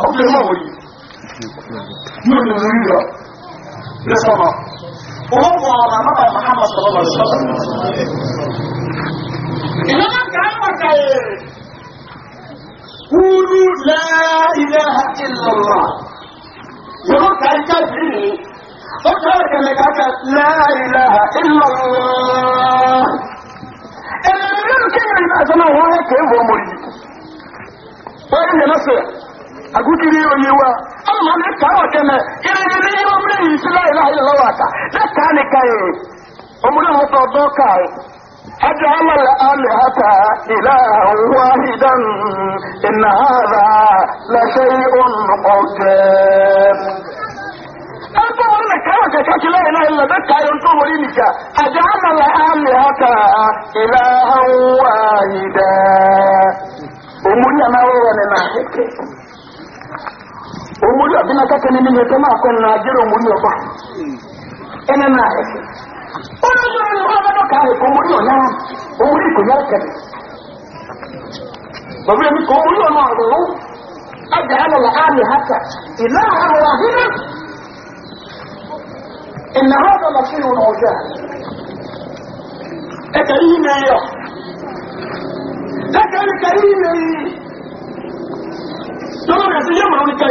أو بالمغوي يقول المريرة لسما وهو على نبع محمد صلى الله عليه وسلم إنما كلامك قولوا لا إله إلا الله يقولك عن تدري فكرك لك لا إله إلا الله إلا من كلمة أسمى هو يكيب ومريد وإن نصر agudiri oye wa ama ne ta ɔkɛ mɛ yɛrɛ ne yi ɔmɛ yi si la yi la yi la wa ta ne ta ne ka ye ɔmɔdé mo tɔ dɔ ka ye hajj ala la ali hata ila wahidan ina hada la seyi on ɔjɛ. ɛtɔ wɔn ne ka ɔkɛ kaki la yi la yi la ne ta ye ntɔ wɔri nika hajj ala la ali hata ila wahidan. omori anawo wɔ ne na heke omori ọdina kẹkẹ ni mi yẹtẹ máa kọ nínú ajẹrẹ omori ọba ẹnẹ náà ẹsẹ olùsọrọ ni wọn bẹbẹ káàrẹ kọ omori ọnyára omori ìkònyára kẹbẹ bàbá mi kọ omori ọmọ ọrọrọ ẹgbẹ alọlọ àmì hàtà ìlà àwọn àhínà ìnà hàn lọlọ sí ìwọn ọjà ẹkẹ yìí nà ẹyọ ẹkẹ yìí kẹ yìí nà yìí lọ́wọ́ kẹsì yẹ́ mọ̀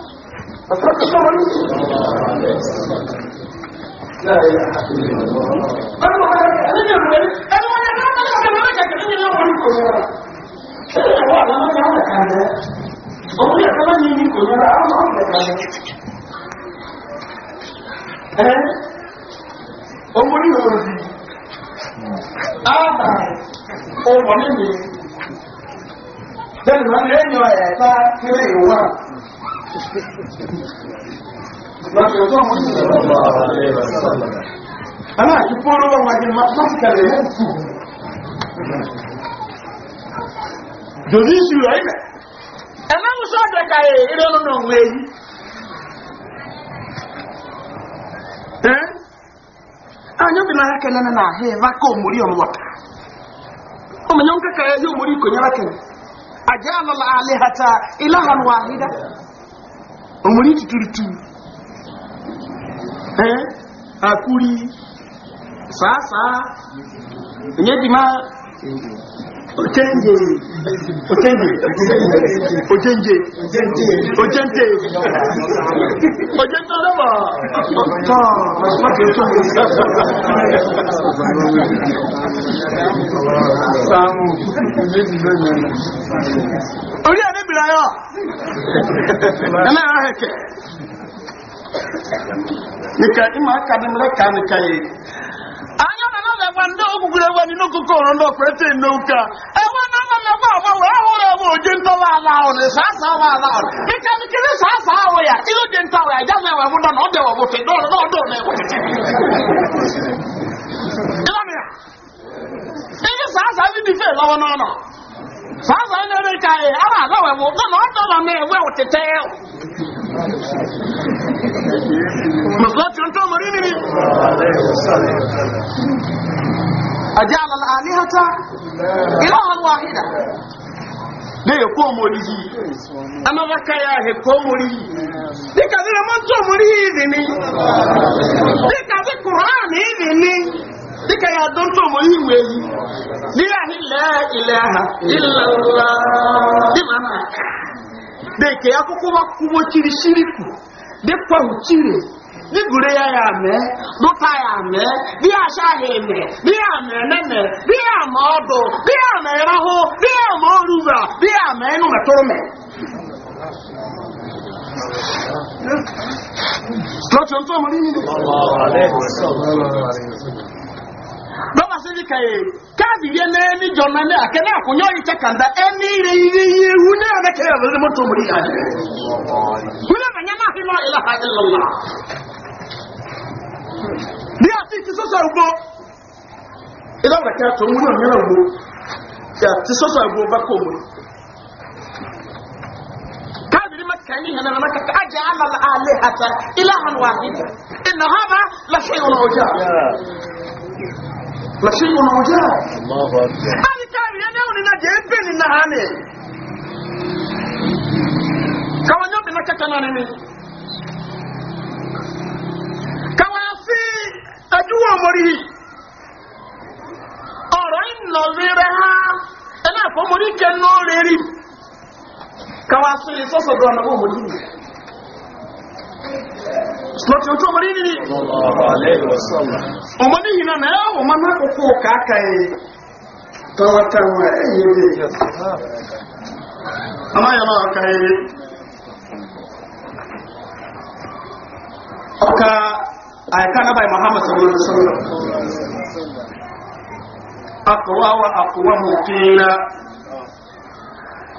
فاترك الشمالي لا إله إلا الله أنا أعلم أنا أعلم أنا Omori ori, ama ọmọ nínú, bẹ́ẹ̀ ni wọ́n lè yọ ẹ̀ta kéré ìwọ̀n. ana iporo wajen mafakar da yanku domin shi yi aika ẹ̀nà musu ọjọ́ kaye irin nuna onwe yi eh anyo bi na ya kene na ahị vaka omori ọmụwata ọmọ nyonka kaye yi omori alihata ilahan wahida omuli tuturutu akuli saasaa enyedima Ojenje. Ojenje. Ojenje. Ojenje. Ojenje lọ́wọ́. Tọ́ ọ̀pọ̀lọpọ̀ anya na na-emekwa ndị ogwugwere ewe ndị okokoro ndị ọkpụrete n'ụka ewe na na agba wee hụrụ ewe ntọwa ala ahụ na ịsa asa ahụ ala ahụ asa ahụ ya ilu dị ya ewe na ọ dịwa na ọdọ na ewe asa ndị dị fe n'ọnọ ndị ere ka ya ara ala wee bụ na ọ na مصلحتي أنت أمريني أجعل الآلهة إلها واحدة lẹ́yìn kó mo rí yìí amáwáká ya hẹ̀ kó mo rí yìí díkà sí ọmọ tó mo rí ìdì ni ka sí kùránì ìdì ni ya ha ilẹ̀ ńlá bí màmá dèkè akókó wa kú kubo kiri dípò òkìrè nígùrè yà yà mẹ dúpà yà mẹ bí àṣà yà me, bí àmẹ nẹmẹ bí àmẹ ọdọ bí àmẹ ìrọhó bí àmẹ orúbà bí àmẹ inú mẹtọrọ mẹ. lọ́tọ̀ ntọ́ mọ̀ nínú. dɔba se ni ka ye káàdì yẹn náà ní jọ̀nà náà kẹ́ náà kò yọ ìtẹ́ kàńdá ẹni rẹ̀ yẹ yẹ wú náà bẹ kẹ́ ẹ̀rọ lẹ́mọ́ tó mọ̀rí yàrá wú náà bẹ̀ nyẹ́mà fi lọ ìlà ha ìlọ lọ. bí a ti ti sọ́sọ́ ìgbó ìlà wọ̀rẹ̀ kẹ́ tó ń wúlò ní ìlànà ìgbó tí a ti sọ́sọ́ ìgbó bá kó mọ̀rí. káàdì ni mẹ́kà ní ìhànà náà kàkà á jẹ́ àlàlà àlẹ́ àtà ìlà hàn wà لشيء عجاب الله اكبر انا كان ينون نجيبين نهاني كما يوم نكتنا نمي كما يسي أجوى مريه أرين نظيرها أنا فمري كنو ليري كما يسي سوصدوا نبو مريه slot ojú ọmọ nínú ni ọmọ nínú náà náà ọmọ náà kókó kàákà yìí tọwọtọwọ ẹyẹ bí ọmọ yẹn náà ọkà yìí ọkà àyíká nábàá muhammad sallallahu alaihi wasallam akọwà wa akọwà mọ̀kínlá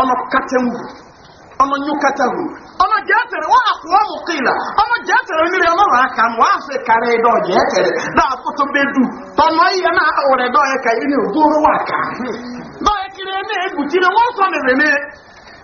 ọnụ katewu ọnụ nyụ nyukatewu ọnụ jetere wa afọ ọmụ kila ọnụ jetere mmiri ọnụrụ aka nwa afọ karị ịdọ jetere na afụtụ bedu tọnọ ihe na awụrụ ịdọ ya ka ị na-egoro wa aka dọ ya kiri na-egbuchiri nwa nsọ mere mee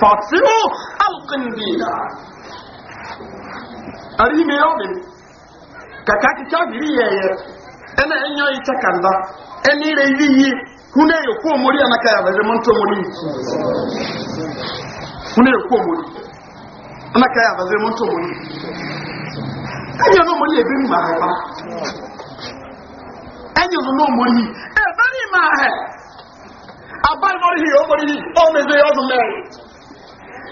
فاقسموا ndị na ari me bụrụ kaka ki kafiri yeye ena enyo ite kanda eni re yiyi hune yo ko anaka ya baje monto muri hune yo anaka ya baje monto muri enyo no ebi ma ha enyo no ha mori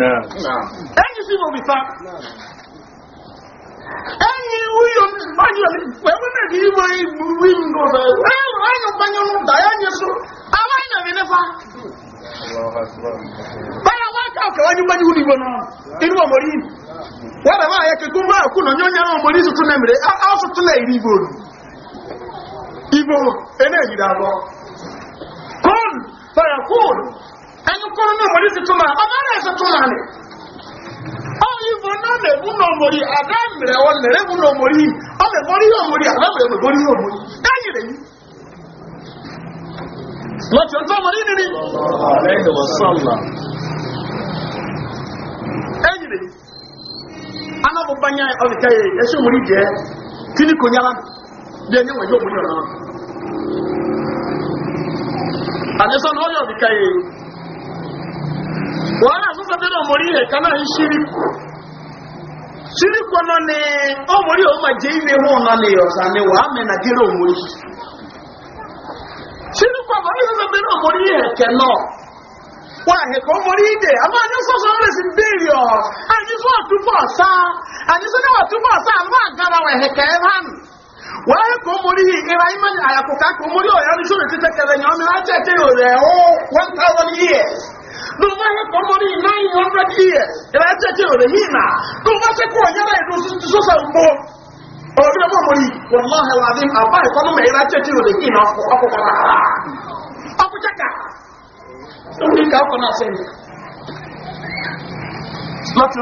نعم نعم أي شيء بفاق أي ويوم بانيو ويوم بيبو ويم دو أي أي بانيو دايان يسو أوانا بنفا الله أكبر báyà wá ká ọ̀kẹ́ wájú gbájú ní ìbọn náà inú ọmọ rí wọ́n rẹ̀ máa yẹ kí gúnmọ́ ọ̀kúnnà ẹni kúrú ní mọ̀lí sí túnmà ọmọ rẹ̀ sí túnmà ni ọ̀yìnbó náà lè mú náà mọ̀rí àdá mìíràn wọn lè mú náà mọ̀rí ọmọ ìbọrí yóò mọ̀rí àwọn ọmọ ìbọrí yóò mọ̀rí dáyì yìí lọ́tí mọ̀rí wàhálà sọ́sọ́ tẹ́lẹ̀ ọmọrí rẹ̀ kan náà ń na ṣírí pọnà ni ọmọrí ọmọ jẹ́ ilé wọn náà ni ọ̀sán ni wàá mẹ́nà gẹ́rẹ́ ọmọrí ṣírí pọnà ní sọ́sọ́ tẹ́lẹ̀ ọmọrí rẹ̀ kan náà wọ́n àhẹ̀kọ́ mọ́rí ìdè àmọ́ àdínsọ́sọ́ rẹ̀ sí ọ̀ àtúbọ̀ ọ̀sá náà ọ̀sá àmọ́ wọ̀ ẹ̀hẹ̀kẹ́ hàn wọ́n ìmọ̀ àyàkùkà ọ̀yọ́ ní ni rẹ̀ ó one thousand years no matter somebody 900 years if I tell you the hina no matter ko yara ido so so mo o bi mo mo ni wallahi alazim aba ko no me ira tell you the hina ko ko ko abu na se ni láti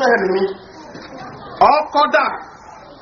ojú ọmọdé ní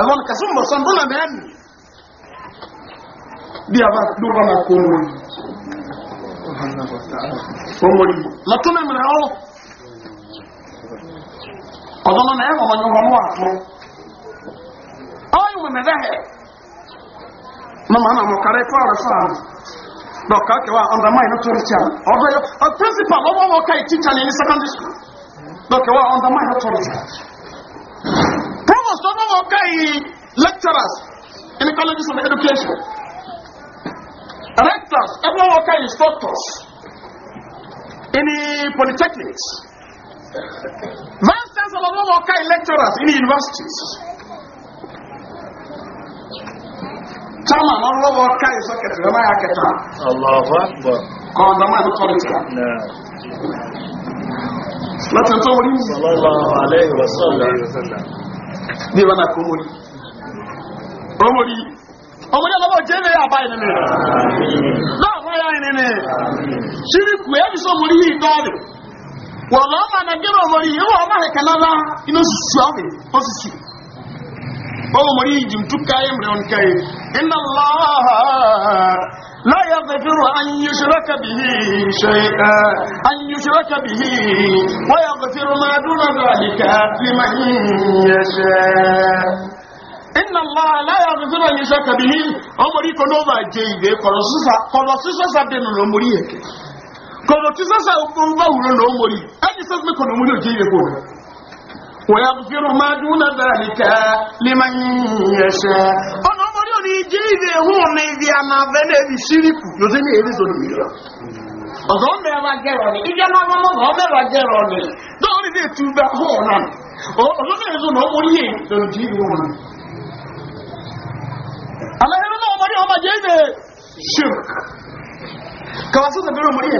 àwọn kàṣí mọ̀ sọ bọ́nà mẹ́rin bí a bá dúró na kó mọ̀ ní ọmọdé látúnmẹ̀ mẹ́rin ọ́ ọ̀dọ́nà náà ẹ̀wọ̀n wọn yọ̀wọ̀ mọ́ àfọ́ ọ́yìn wọ̀n mẹ́rẹ́ hẹ̀ mọ́mọ́ náà mọ̀ kárẹ́ fọ́ àrẹ fáà dọ̀kà principal ọwọ́ wọn ká ì teacher secondary school dọ̀kà kẹwà undermine authority Because no one okay lecturers in the colleges of education. Rectors, everyone okay instructors in the polytechnics. Vice chancellor, no one okay lecturers in the universities. Chairman, no one okay secretary, no one okay Allahu Akbar. Come oh, on, the man No. Let him tell you. Sallallahu wa sallam. bí wọn náà kó mórí ọmọdé ọmọdé ọlọ́wọ́ jẹ́ ẹ̀rẹ́ na ẹ̀nẹ́ mi láwọn ẹ̀yà ẹ̀nẹ́ mi ṣíríkù ẹ̀ bí sọmọdé yìí dọ́ọ̀lù wọ́n lọ́ ha nàgẹ́rẹ́ ọmọdé ino wọ́n máa hẹ̀kẹ́ lára inú sísú ọ̀fẹ́ ó لا يغفر أن يشرك به شيئا أن يشرك به ويغفر ما دون ذلك لمن يشاء إن الله لا يغفر أن يشرك به أمري كنوبا جيدة كولوسيسا سابين نمريه كولوسيسا سابين نمريه أني سابين كنوبا جيدة كولوسيسا ويغفر ما دون ذلك لمن يشاء ni ije ibe hu na ibi ama ve na ebi shiriku yoze ni ebi zo ni ọ̀dọ́ mẹ́wàá gẹ̀rọ ni ibi ama ọmọ ọmọ mẹ́wàá gẹ̀rọ ni dọ́wọ́ ni bẹ́ẹ̀ tu bá hù ọ̀nà ọ̀dọ́ mẹ́wàá zo na ọmọ orí yẹn tó ní ibi wọn. àmọ́ ẹ̀rọ náà ọmọdé ọmọ jẹ́ ibe shirk kàwásí ọmọdé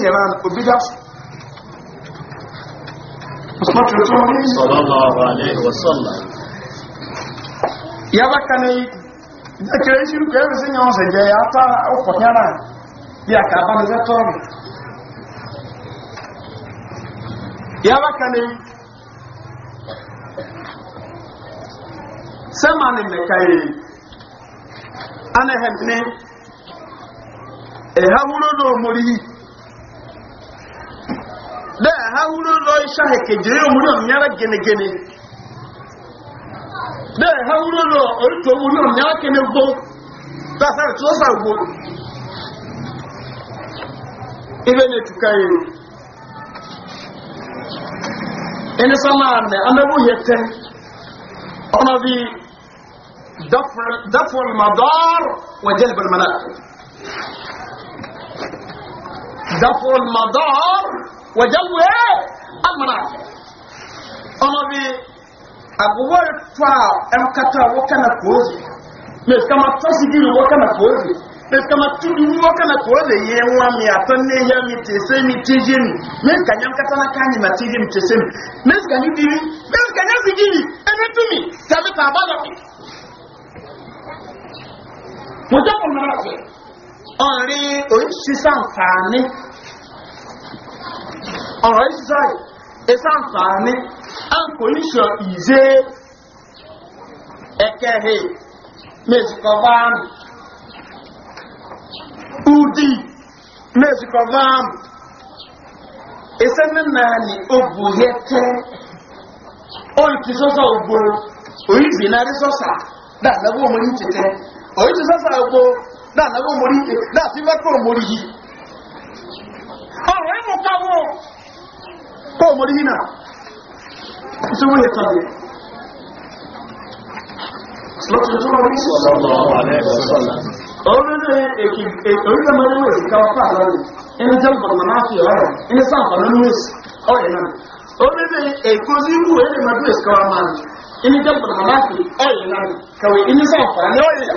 yẹn sallallahu alaihi wasallam yaba kane akira shiru ka yaba sinya onse je ya ta opo yana ya ka ba ze to mi yaba kane sama ne me bẹ́ẹ̀ ha wúlò lọ iṣẹ́ àkèjìrí òmúrí òmìnira gẹ́nẹ́gẹ́nẹ́ bẹ́ẹ̀ ha wúlò lọ orítò òmúrí òmìnira kẹ́nẹ́ gbó tásàrì tí ó sàgbó ibẹ̀ ní ètùkà yìí ẹni sọ́mà àmì amẹ́wò yẹ tẹ́ ọmọ bí dáfọ̀lmàdọ́r wọ́n jẹ́ ìbẹ̀rẹ̀ دفع المضار وجلب ايه المنافع ọmọ bi agogo efa ẹnkata wọkana koozi mẹsikama tọsigiri wọkana koozi mẹsikama tudunu wọkana koozi yẹ nwa mi atọ ne ya mi tese mi tije mi mẹsikanya nkata na ka anyi ma tije mi tese mi mẹsikanya diri mẹsikanya sigiri ẹni tumi sẹbi ta abadọ mi. mo jẹ́ kò mẹ́rẹ̀ fẹ́. ọ̀rí oríṣiríṣi àǹfààní ọ̀rọ̀ ìṣiṣẹ́ ìṣẹ́ àǹfààní àǹkòríṣọ̀ ìṣe ẹ̀kẹ́hẹ́ mẹ́sìkọ̀báàmù udi mẹ́sìkọ̀báàmù ìṣẹ́ nínàní ògbòyẹ́tẹ́ oríṣiríṣi ògbò oríṣiríṣi náà rí sọ́sà dáadáa bó wọ́n ní tètè oríṣiríṣi sọ́sà ògbò na dáná ló mórí dáàsí mẹ́kọ̀ọ́ mórí yìí ọ̀rọ̀ ẹ̀mù káwọ́ kó mórí yìí náà tí wọ́n yẹ tọ́jú orílẹ̀ èkìlẹ̀ mẹ́rin káwọ́ fà lọ́rùn ẹni jẹ́ bọ̀rọ̀ máa fi ọ̀rọ̀ ẹni sáàpọ̀ lọ́nà ọ̀rẹ́ náà orílẹ̀ èkó sí ìlú ẹni mẹ́rin káwọ́ máa ẹni jẹ́ bọ̀rọ̀ máa fi ọ̀rẹ́ náà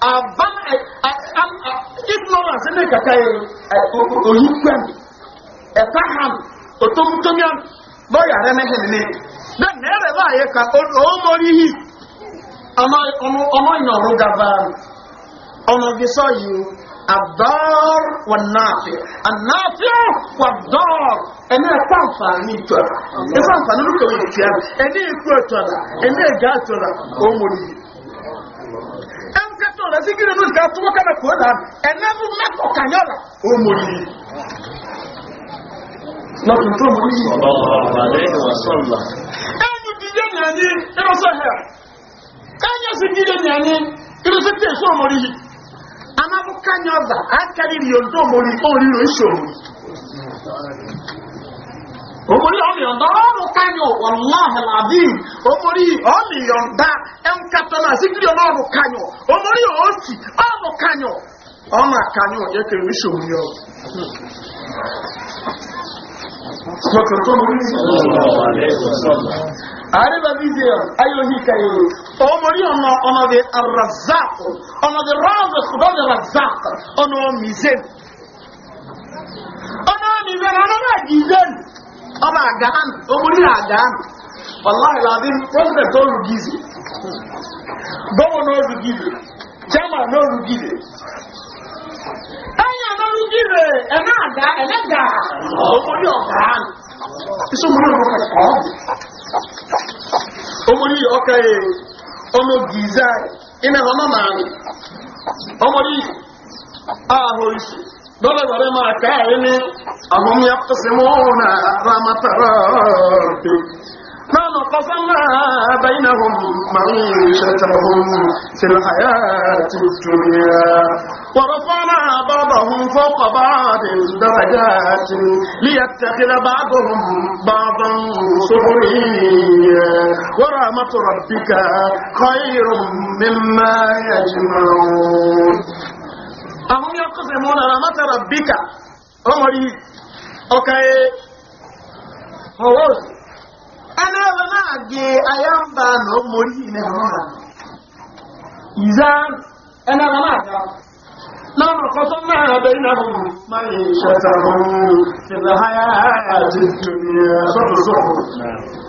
aban eh, eh, am eh, ignorance ne kaka ye oyi kwan ɛfa ham otomutomia bɔyɔ arɛ ne hene ne dɛ nɛɛrɛ b'a ka hi ɔmɔ ɔmɔ ɔmɔ gaba ɔmɔ yi o adɔr wa naafi anaafi wa dɔr ɛnɛ ɛfa nfaani tora ɛfa tia ɛnɛ ekuro ɛnɛ ega so na sikiri no sika to kana ko da ena no na ko kanyola o mori na to to mori sallallahu alaihi wasallam enu bijo nyani ero so he kanya sikiri nyani ero so te so mori ana bu kanyoza akari ri ondo mori o ri ro isoro omori ọmọ yọ̀ǹda ọ̀rọ̀ kanyọ wàláhà làbíin omori ọmọ yọ̀ǹda ẹnkatana sigiri ọmọ ọ̀rọ̀ kanyọ omori òsì ọ̀rọ̀ kanyọ ọmọ kanyọ yẹ kẹrẹ ní sọmọ yọ. Ààrẹ bàbí ìdí ọ̀ ayọ̀hí kàyọ̀rọ̀. Ọmọrí ọ̀nà ọ̀nà di Razak, ọ̀nà di Razak, ọ̀nà di Razak, ọ̀nà Mizan. Ọ̀nà Mizan, ọ̀nà Mizan. ọba àgáhánù omori àgáhánù wàláhì làbí president ó rùgìzì ọ ó rùgìzì german ó rùgìzì ẹ̀yìn àná rùgìzì ẹ̀nà àgá ẹ̀lẹ́gà omori ọ̀gáhánù iṣu mú ló rọ̀ ẹ̀kọ́ omori ọkà ẹ̀ ọmọ gìzà ẹ̀ ẹ̀ náà ọmọ isi. dole bare ma أهم ne amma mu yaqsimuna rahmat بينهم معيشتهم في الحياة الدنيا ورفعنا بعضهم فوق بعض درجات ليتخذ بعضهم بعضا سخريا ورحمة ربك خير مما يجمعون àwọn yaqsimuna rahmata rabbika ọmọrí ọkà ẹ ọwọ́ ẹlẹ́wọ̀n náà gẹ ayámbà nà ọmọrí ilẹ̀ ọmọrà ìzá ẹlẹ́wọ̀n náà gá lọ́nà kọ́tọ́ náà abẹ́ iná ọmọ máa yẹ ìṣẹ́ta ọmọ ìlẹ̀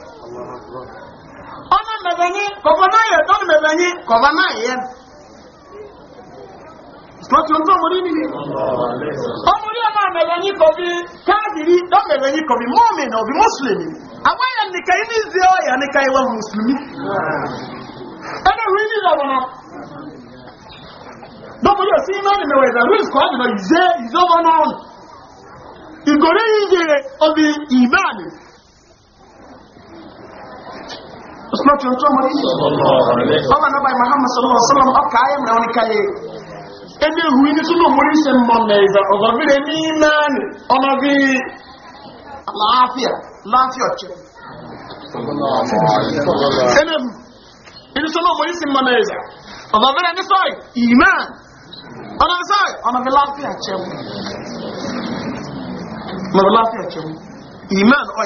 ọmọ mẹbẹnyi kọfọ náà yẹ tọ́nu mẹbẹnyi kọfọ náà yẹ lọ́tún tó mọ̀rí nìyí ọmọdé ọmọ mẹbẹnyi kọfí káàdìrí tọ́nu mẹbẹnyi kọfí mọ́ọ̀mìnà ọbí mùsùlùmí àwọn yẹn nìkan yìí ní ìzẹ́ ọ̀yà nìkan yìí wọ́n mùsùlùmí ẹni rí ní ìlànà náà lọ́mọdé òsì iná ni mẹwàá ìdàrú ìsùkọ́ àdìmọ̀ ìzẹ́ ìzọ́mọ náà ìgòrí yìí yẹ ọbí ìmáàmì Usmatu ọjọ́ mọ̀ ní ọmọ náà báyìí Muhammad sallallahu alaihi wasallam ọkà ayé mìíràn wọn káyé. Ebi ehu ní súnmọ̀ mọ̀ ní sẹ́ mọ̀ mẹ́ta ọ̀gọ̀bìnrin ní mẹ́rin ọmọ bí láàfíà láàfíà ọ̀kyẹ́. Ẹnna mu, ebi súnmọ̀ mọ̀ ní sẹ́ mọ̀ mẹ́ta ọ̀gọ̀bìnrin ní sọ́ọ̀ ìmán ọ̀nà bí sọ́ọ̀ ọmọ bí láàfíà ọ̀kyẹ́ mu. Ọmọ bí láàfíà ọ̀kyẹ́ mu. Ìmán ọ̀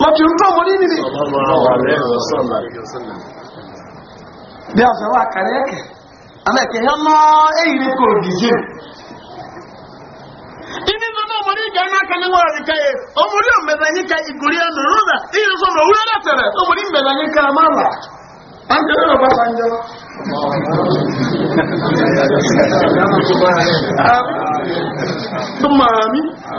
láti ń tọ́ ọmọ ní nìyí. bí a sọ̀rọ̀ àkàrẹ́ ẹ̀kẹ́ alẹ́kẹ́ yẹn lọ èyí ni kò dìje. ìní nínú ọmọ ní ìjà náà kan wọ́n rẹ̀ káyé ọmọ ní ọ̀mẹ̀dà yín ká ìgòrí ẹnu rúdà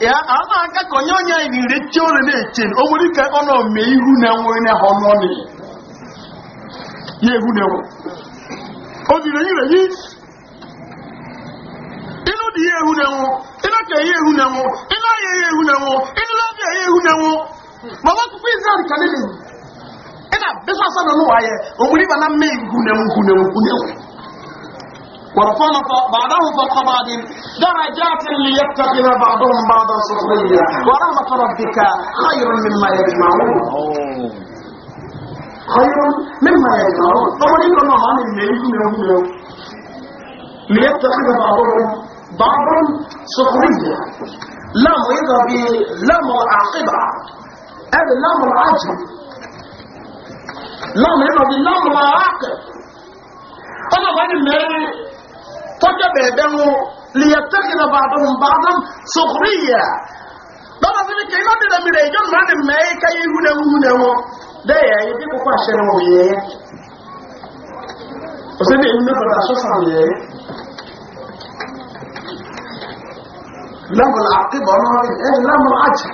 ya a na-aga ka onye onye anyị na chi ole na-eche o nwere ike ọ na-eme ihu na-enwe na ha ọnụ ọnụ ya ihu na-enwe o jiri onye ịnụ dị ya ihu na ịnụ ka ya ihu na-enwe ịnụ ahịa ya ihu na ma ọ bụ izrel ka ị na-abịasa na n'ụwa ya o nwere ịba na mme ihu na ihu na-enwe ورفعنا بعضهم فوق بعض درجات ليتخذ بعضهم بعضا سخريا ورحمة ربك خير مما يجمعون خير مما يجمعون طبعا يقول الله عن الميت منهم اليوم ليتخذ بعضهم بعضا سخريا لام إذا بلام العاقبة هذا لام العجب لام إذا بلام العاقب أنا بني ميت tọ́jọ́ bẹ̀rẹ̀ bẹ́nu lìyẹ̀tẹ́kìdà bàdùn bàdùn sọkùrìyà lọ́nà sí ni kì í má dìde mi rẹ̀ ìjọ nìmọ̀ ni mẹ́ káyé húnẹ̀ húnẹ̀ wọn bẹ́ẹ̀ yà yìí bí kókó àṣẹ ni wọ́n yẹ ọ̀sẹ̀ ní ìmúlẹ̀ bàtà sọ́sà wọ́n yẹ lámùlà àkébọ̀ ọ̀nà ẹ̀ lámùlà àjà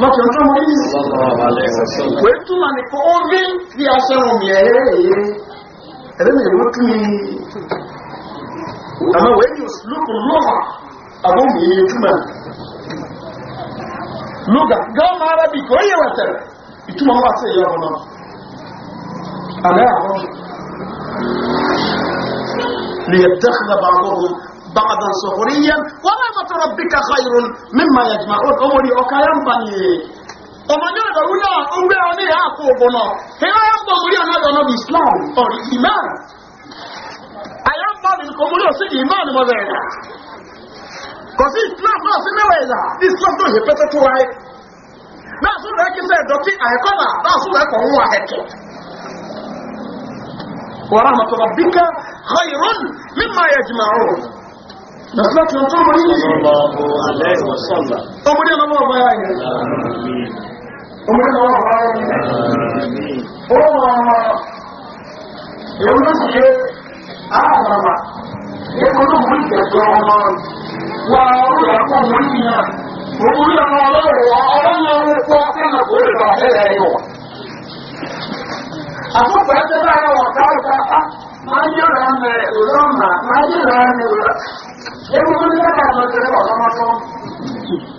lọ́kẹ̀ ọ̀tọ́ mọ́ yìí wẹ́ẹ́ túmọ̀ ní kó ó bí bí aṣẹ́ wọn yẹ أما وين يسلوك اللغة أبوم يتمن لغة قام عربي كوية ليتخذ بعضهم بعضا سخريا ولا ربك خير مما يجمعون أمري أكا ينبني ọmọdé àgbàrú náà ó gbé ọ ní ìyá àpò òbò náà ìyá yàtọ̀ mórí ọ̀nà ọ̀nà islam ọ̀rì imam àyà ń bá mi kò mórí òsì imam mọ̀ bẹ́ẹ̀ kò sí islam náà sí mẹ́wàá ìlà islam tó yẹ pẹ́tẹ́ tó wáyé náà sún rẹ̀ kí sẹ́ẹ̀ dọ̀tí àìkọ́là náà sún rẹ̀ kọ̀ ń wà ẹ̀kẹ́ ورحمة ربك خير مما يجمعون نزلت من صلى الله عليه وسلم أمري الله يا ọmọdé náà wà láyé ní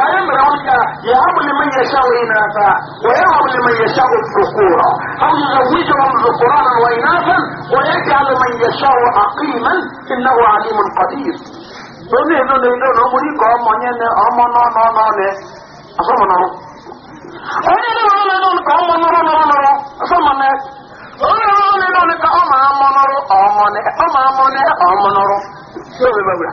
فيمنعك يهب لمن يشاء إناثا ويهب لمن يشاء الذكور أو يزوجهم ذكرانا وإناثا ويجعل من يشاء عقيما إنه عليم قدير lórí èdè lè dé lórí kọ ọmọ yẹn ní ọmọ náà náà náà ní asọmọ náà. onye ní wọn lè lórí kọ ọmọ nọrọ nọrọ nọrọ asọmọ náà. onye ní wọn lè lórí kọ ọmọ amọ nọrọ ọmọ ní ọmọ amọ ní ọmọ nọrọ. yóò bẹ bẹ wura.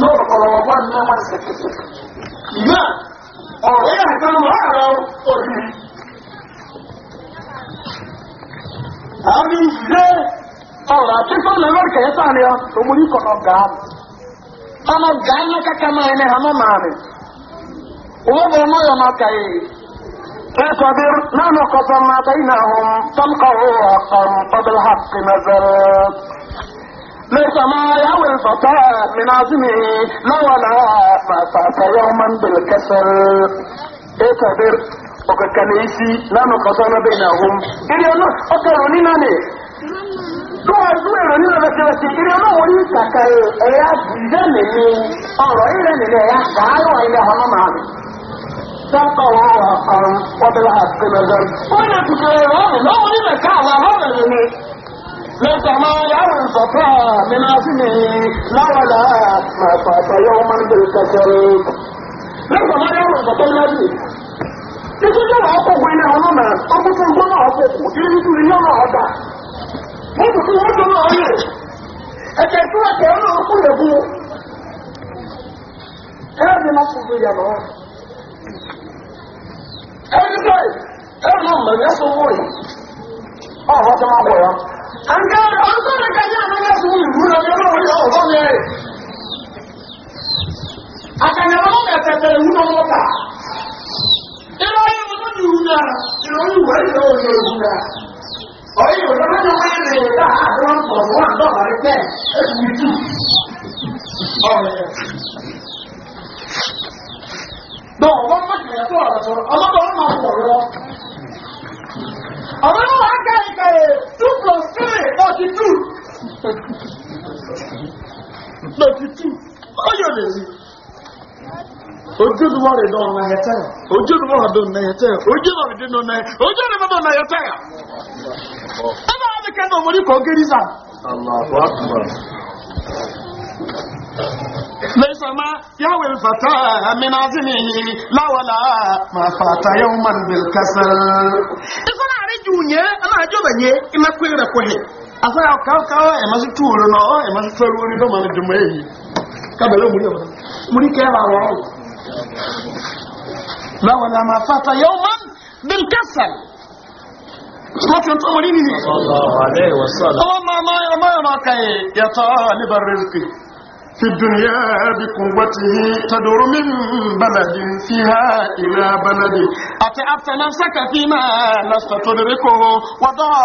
n'ọ̀rọ̀ ọgbọ́n ní ọmọ ìsẹ̀kẹsẹ̀ ìgbà ọ̀rọ̀ yà kan wà rọ orí àmì ìdílé ọ̀rọ̀ àtúntò lẹ́wọ́n kẹ̀yẹ́ta ni ọ òmùrí kọ̀nà gàá ọmọ gàá ní kẹkẹ máa ẹni hàmọ́ màá mi owó bọ̀ ọmọ yọ̀ máa kàyé اعتبر ما نقص ما بينهم تلقه حقا قبل حق نزلت ليس ما يهوي الفتى من عزمه لولا ما فات يوما بالكسل ايه كبير لا نقصان بينهم إلي na أكلوا نيناني tó ọdún èrò nínú lọ́sẹ̀lọ́sẹ̀ ìrìn olóhùn ní ìtàkà ẹ̀yà ìjẹ́ nìyí ọ̀rọ̀ ẹ̀yà ilẹ̀ màá mi. Sọ́kọ̀ àti Ó yẹ lọ́wọ́ àwọn ọ̀rẹ́ mi. ليس ما ينفقا من عزمه لا ولا ما فات يوما بالكسل ليس ما ينفقا من عزمه títí yóò kó gbin náà ọlọ́mọ ọkùnrin tó ń gbọ́ náà kó kù tí nítorí ilé ọ̀dà mo wọ́n tó náà ẹ̀jẹ̀ tó ẹ̀jẹ̀ lè ẹ̀rọ ni fún ẹ̀rí bẹ́ẹ̀ ẹ̀rọ Àǹkà ọ̀tọ́ rẹ̀ kẹjá àmọ́gá sí ìwúrọ̀ yọ́rọ̀ orí ọ̀rọ̀ mẹ́rin. Àkànyàwó mẹ́tẹ̀ẹ̀tẹ̀ ìwúrọ̀ mọ́ta. Ìrọ̀yìn ọdún ìwúrà, ìrọ̀yìn ìwà ìrọ̀ òjò ìwúrà. Ọ̀yìn òjò mẹ́rin mẹ́rin rẹ̀ dá àwọn ọ̀rọ̀ wà dọ́gba rẹ̀ bẹ́ẹ̀ ẹ̀kú ìtú. Ọ̀rẹ́ ọ̀rọ̀ náà wà ká ìkà ẹ̀ two plus three forty two forty two ọyọ̀ lè rí ojúlùmọ̀ rẹ̀ dọ̀rọ̀ náà yẹtẹ̀ ojúlùmọ̀ rẹ̀ dọ̀rọ̀ náà yẹtẹ̀ ojúlùmọ̀ rẹ̀ dọ̀rọ̀ náà yẹtẹ̀ ojúlùmọ̀ ليس ما يهوي الفتى من عزمه لا ولا ما فات يوما nye ana ajoba nye imakwira kwehe asa ya kawo kawo e masu tuuru no e masu tuuru ori do mani dumo eyi kabele muri o muri ke ba wa o la wala ma fata yawman bil kasal smokin to muri ni ni sallallahu alaihi wasallam amma ma ma ma kai ya talib ar-rizqi في الدنيا بقوته تدور من بلد فيها إلى بلد أتعبت نفسك فيما لست تدركه وضاع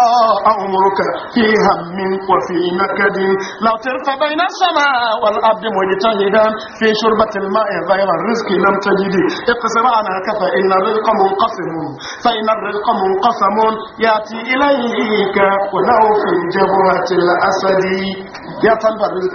عمرك في هم وفي نكد لو ترت بين السماء والأرض مجتهدا في شربة الماء غير الرزق لم تجد اقصر عنك إن الرزق منقسم فإن الرزق منقسم يأتي إليك ولو في جبهة الأسد يا طلب الرزق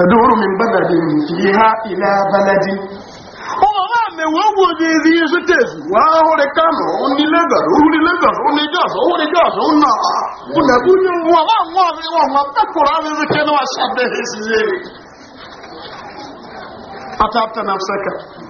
تدور من بلد فيها إلى بلد ọ̀rọ̀ àmẹ̀wò wò ní rí ṣítẹ̀sì wà áhùrẹ̀ kánù ní lẹ́gbẹ̀rẹ̀ orí lẹ́gbẹ̀rẹ̀ orí jọ́sọ̀ orí jọ́sọ̀ ó náà kùnẹ̀kú ní wọ́n wọ́n rí wọ́n wọ́n pẹ́kùrọ̀ àrírí kẹ́nu àṣàbẹ̀rẹ̀ sí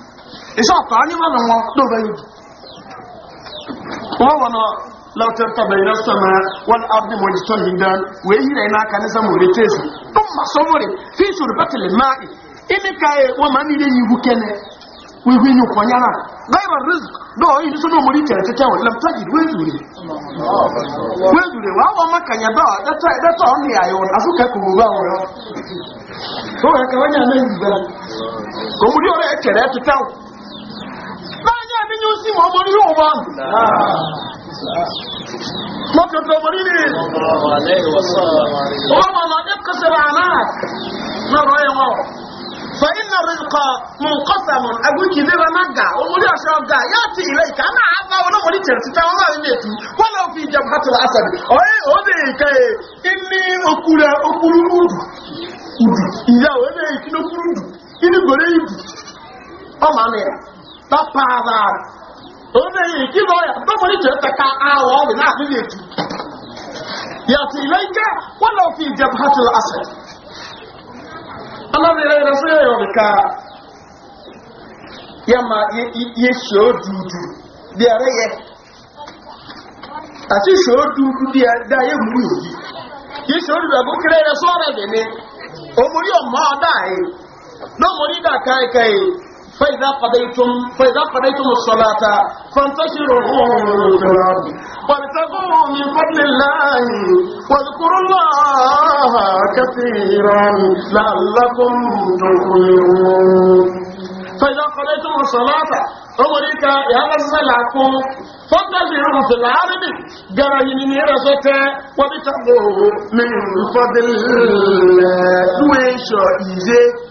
iṣẹ́ ọ̀pá ní mọ́nà wọn ló bẹ́ yìí wọ́n wọ́n lautar ta na sama wani abu mai jiton hindan hira na ka nisa mure tesi ɗin masu mure fi shuru batil ma'i ini ka yi wa mani yi huke ne wai e hui ni na gaiba rizq do yi nisu no muri tere tete wa lam tajid wa wa ba da ta da ta on ya asu ka ku ba wa ka na yi ba ko ore ní ó sì mọ̀ ọmọ ní òun wọn. Mọ́kẹ̀ tó mọ̀ nílé. Wọ́n mọ̀ náà ẹ kọ́ sẹ́ra náà Fa iná rìnkọ̀ mú kọ́sà mọ̀ agbókì lera má gà omúlé ti ilé ìka náà bá wọn náà wọ́n ní tẹ̀sí táwọn náà ní ètú wọ́n náà fi ìjọba hàtò dapaabaara obe yi kibɔ yɛ dɔbɔli jɛ tɛ ka awɔ bi n'a fi yɛ tu yati ilayika wala fi jabhatu asad ala bi yɛrɛ yɛrɛ sɛgɛ yɔrɔ ka yama ye sɔ duudu bi yɛrɛ yɛ a ti sɔ duudu bi yɛrɛ da ye ye duudu a ko yɛrɛ ne o yɛ da ye n'o da فإذا قضيتم فإذا قضيتم الصلاة فانتشروا في الأرض وابتغوا من فضل الله واذكروا الله كثيرا لعلكم تفلحون فإذا قضيتم الصلاة أولئك يا غزلكم فانتشروا في الأرض من يرزق وابتغوا من فضل الله ويشو إيزي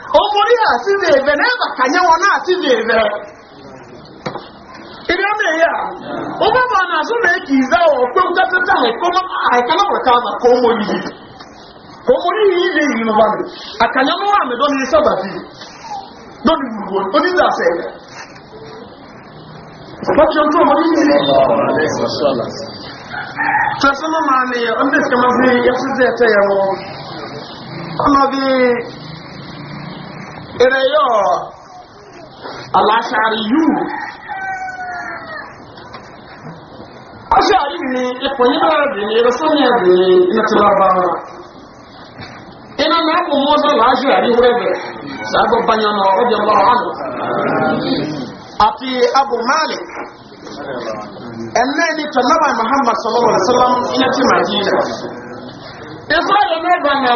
omori asi dị ebe ka na-asị dị ebe ịrịọ mee ya ụgbọ ma na azụ na-eke ize okwe nkatata na ka omori ihe ka omori ihe ile n'ụwa akanya n'ụwa mi dọ n'isa babi dọ ni gburu onye ịza asa ebe Bọ́ọ̀kì ọjọ́ ọmọdé yìí ni. Tẹ̀sán máa ní ya ya ere yo ala yu ashari ni ikonyi e e arabi ni e na tilaba ina na ko mo so alashari hurebe sabo banya no obi allah anhu ati abu malik ẹnna ni tọ́lọ́wà muhammad sallallahu wa sallam ina ti madina israeli ní ẹgbẹ́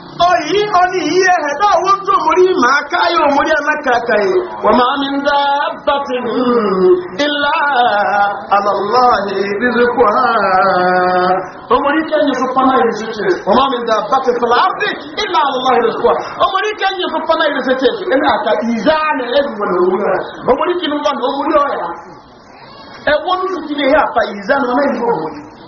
oyi oni iye heda wonto muri ma kayo muri makakai wa ma min dabbatin illa ala allah rizquha omori kenyi so pana rizqi wa ma min dabbatin fil ardi illa ala allah rizquha omori kenyi so pana rizqi ina ka izana ebu wala wala omori kinu wan omori oya e wonu sutile ya fa izana ma ibo omori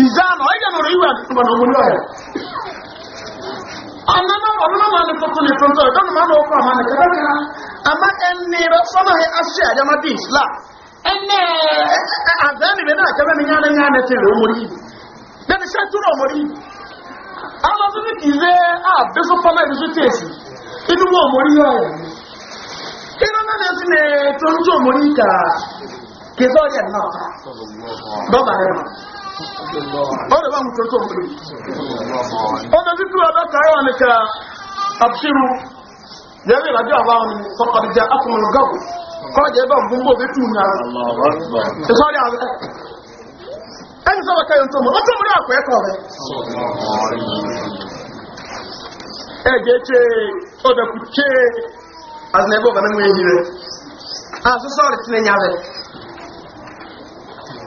ìjánu ọ̀yẹ́ nù rí iwe nígbà náà wọlé ọ̀yẹ́ ọ̀nà náà ọ̀nà náà máa ní tuntun ní tuntun ìjọba máa ní ọkọ̀ àmà ní kẹta ọrẹ bá mùtò tó mọlẹ ọdọ títí ọdọ káyọ nìkà àbúṣírù yẹbi ìrajọ àbáwọn ni sọkọdìjà akọmọlù gọgù kọjá ẹbá ògùn bò bẹ tù nà ìsọrí àbẹ ẹni sọba káyọ tó mọ ọtọ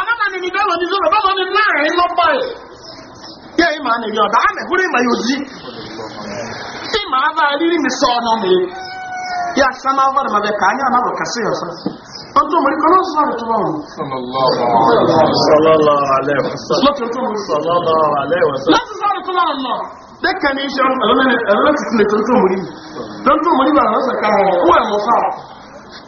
ọlọ́nà ni ní bẹ́ẹ̀ lọ ní sọ́rọ̀ lọ ní láàrin lọ́pọ̀ ẹ̀ yẹ ìmọ̀ ni ìyọ̀ ọ̀dà àmì ìkúrẹ́ ìmọ̀ yóò jí ìmọ̀ abá rírí mi sọ ọ̀nà mi yà sàmà ọ̀fọ̀dà màbẹ̀ kà ányà má lọ kàsí yọ̀ sọ́n ọdún mọ̀rí kan lọ́sọ̀ tó wọ̀ wọn. sọlọ́lọ́ alẹ́ wọ̀sán. sọlọ́lọ́ alẹ́ wọ̀sán. lọ́sọ̀ tó wọ̀ wọn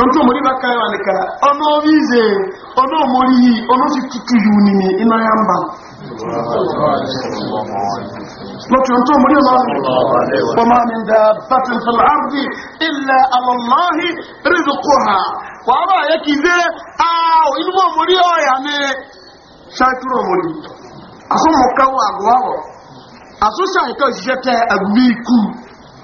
lọ́tọ́ mọ̀ nípa káyọ̀ àníkà ọ̀nà orí ìzẹ̀ ọ̀nà òmòrí yìí ọ̀nà sí tútù yìí ní iná ya ń bà lọ́tọ́ tó mọ̀ nípa ọmọ mi dá bàtìn fún ha wà bá yẹ kì í dé inú tẹ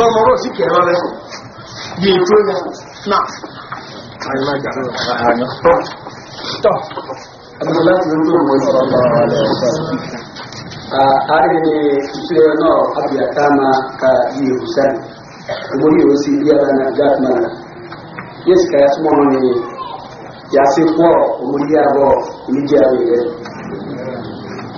tọmọrọ sí kẹrọ rẹ yìí tó yẹ náà àyìnbá jàdó tọ tọ abdullahi ti ń tó wọn sọrọ lọrọ rẹ ari ni ìpìlẹ̀ náà abiyata ma ka yìí hùsẹ́n ọmọ yìí ó sì yára na gatman yéèsì kàyà súnmọ́ wọn ni yàtí pọ̀ ọmọ yìí àbọ̀ ìlú jẹ́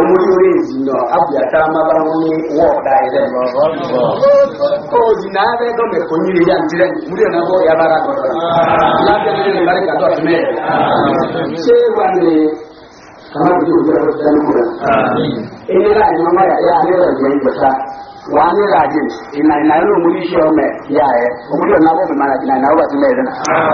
omuliro enzino abuyatalamabala muni anyị ozina abegome konyirira ntire muliro nabo yabaragodola labyairebalekatoatumeere na kamabujuujaotanukula enera enoma yanera yenjota wanera ajin ina inayo omulisho ome yaye omuliro nabo omumala ina nawo na.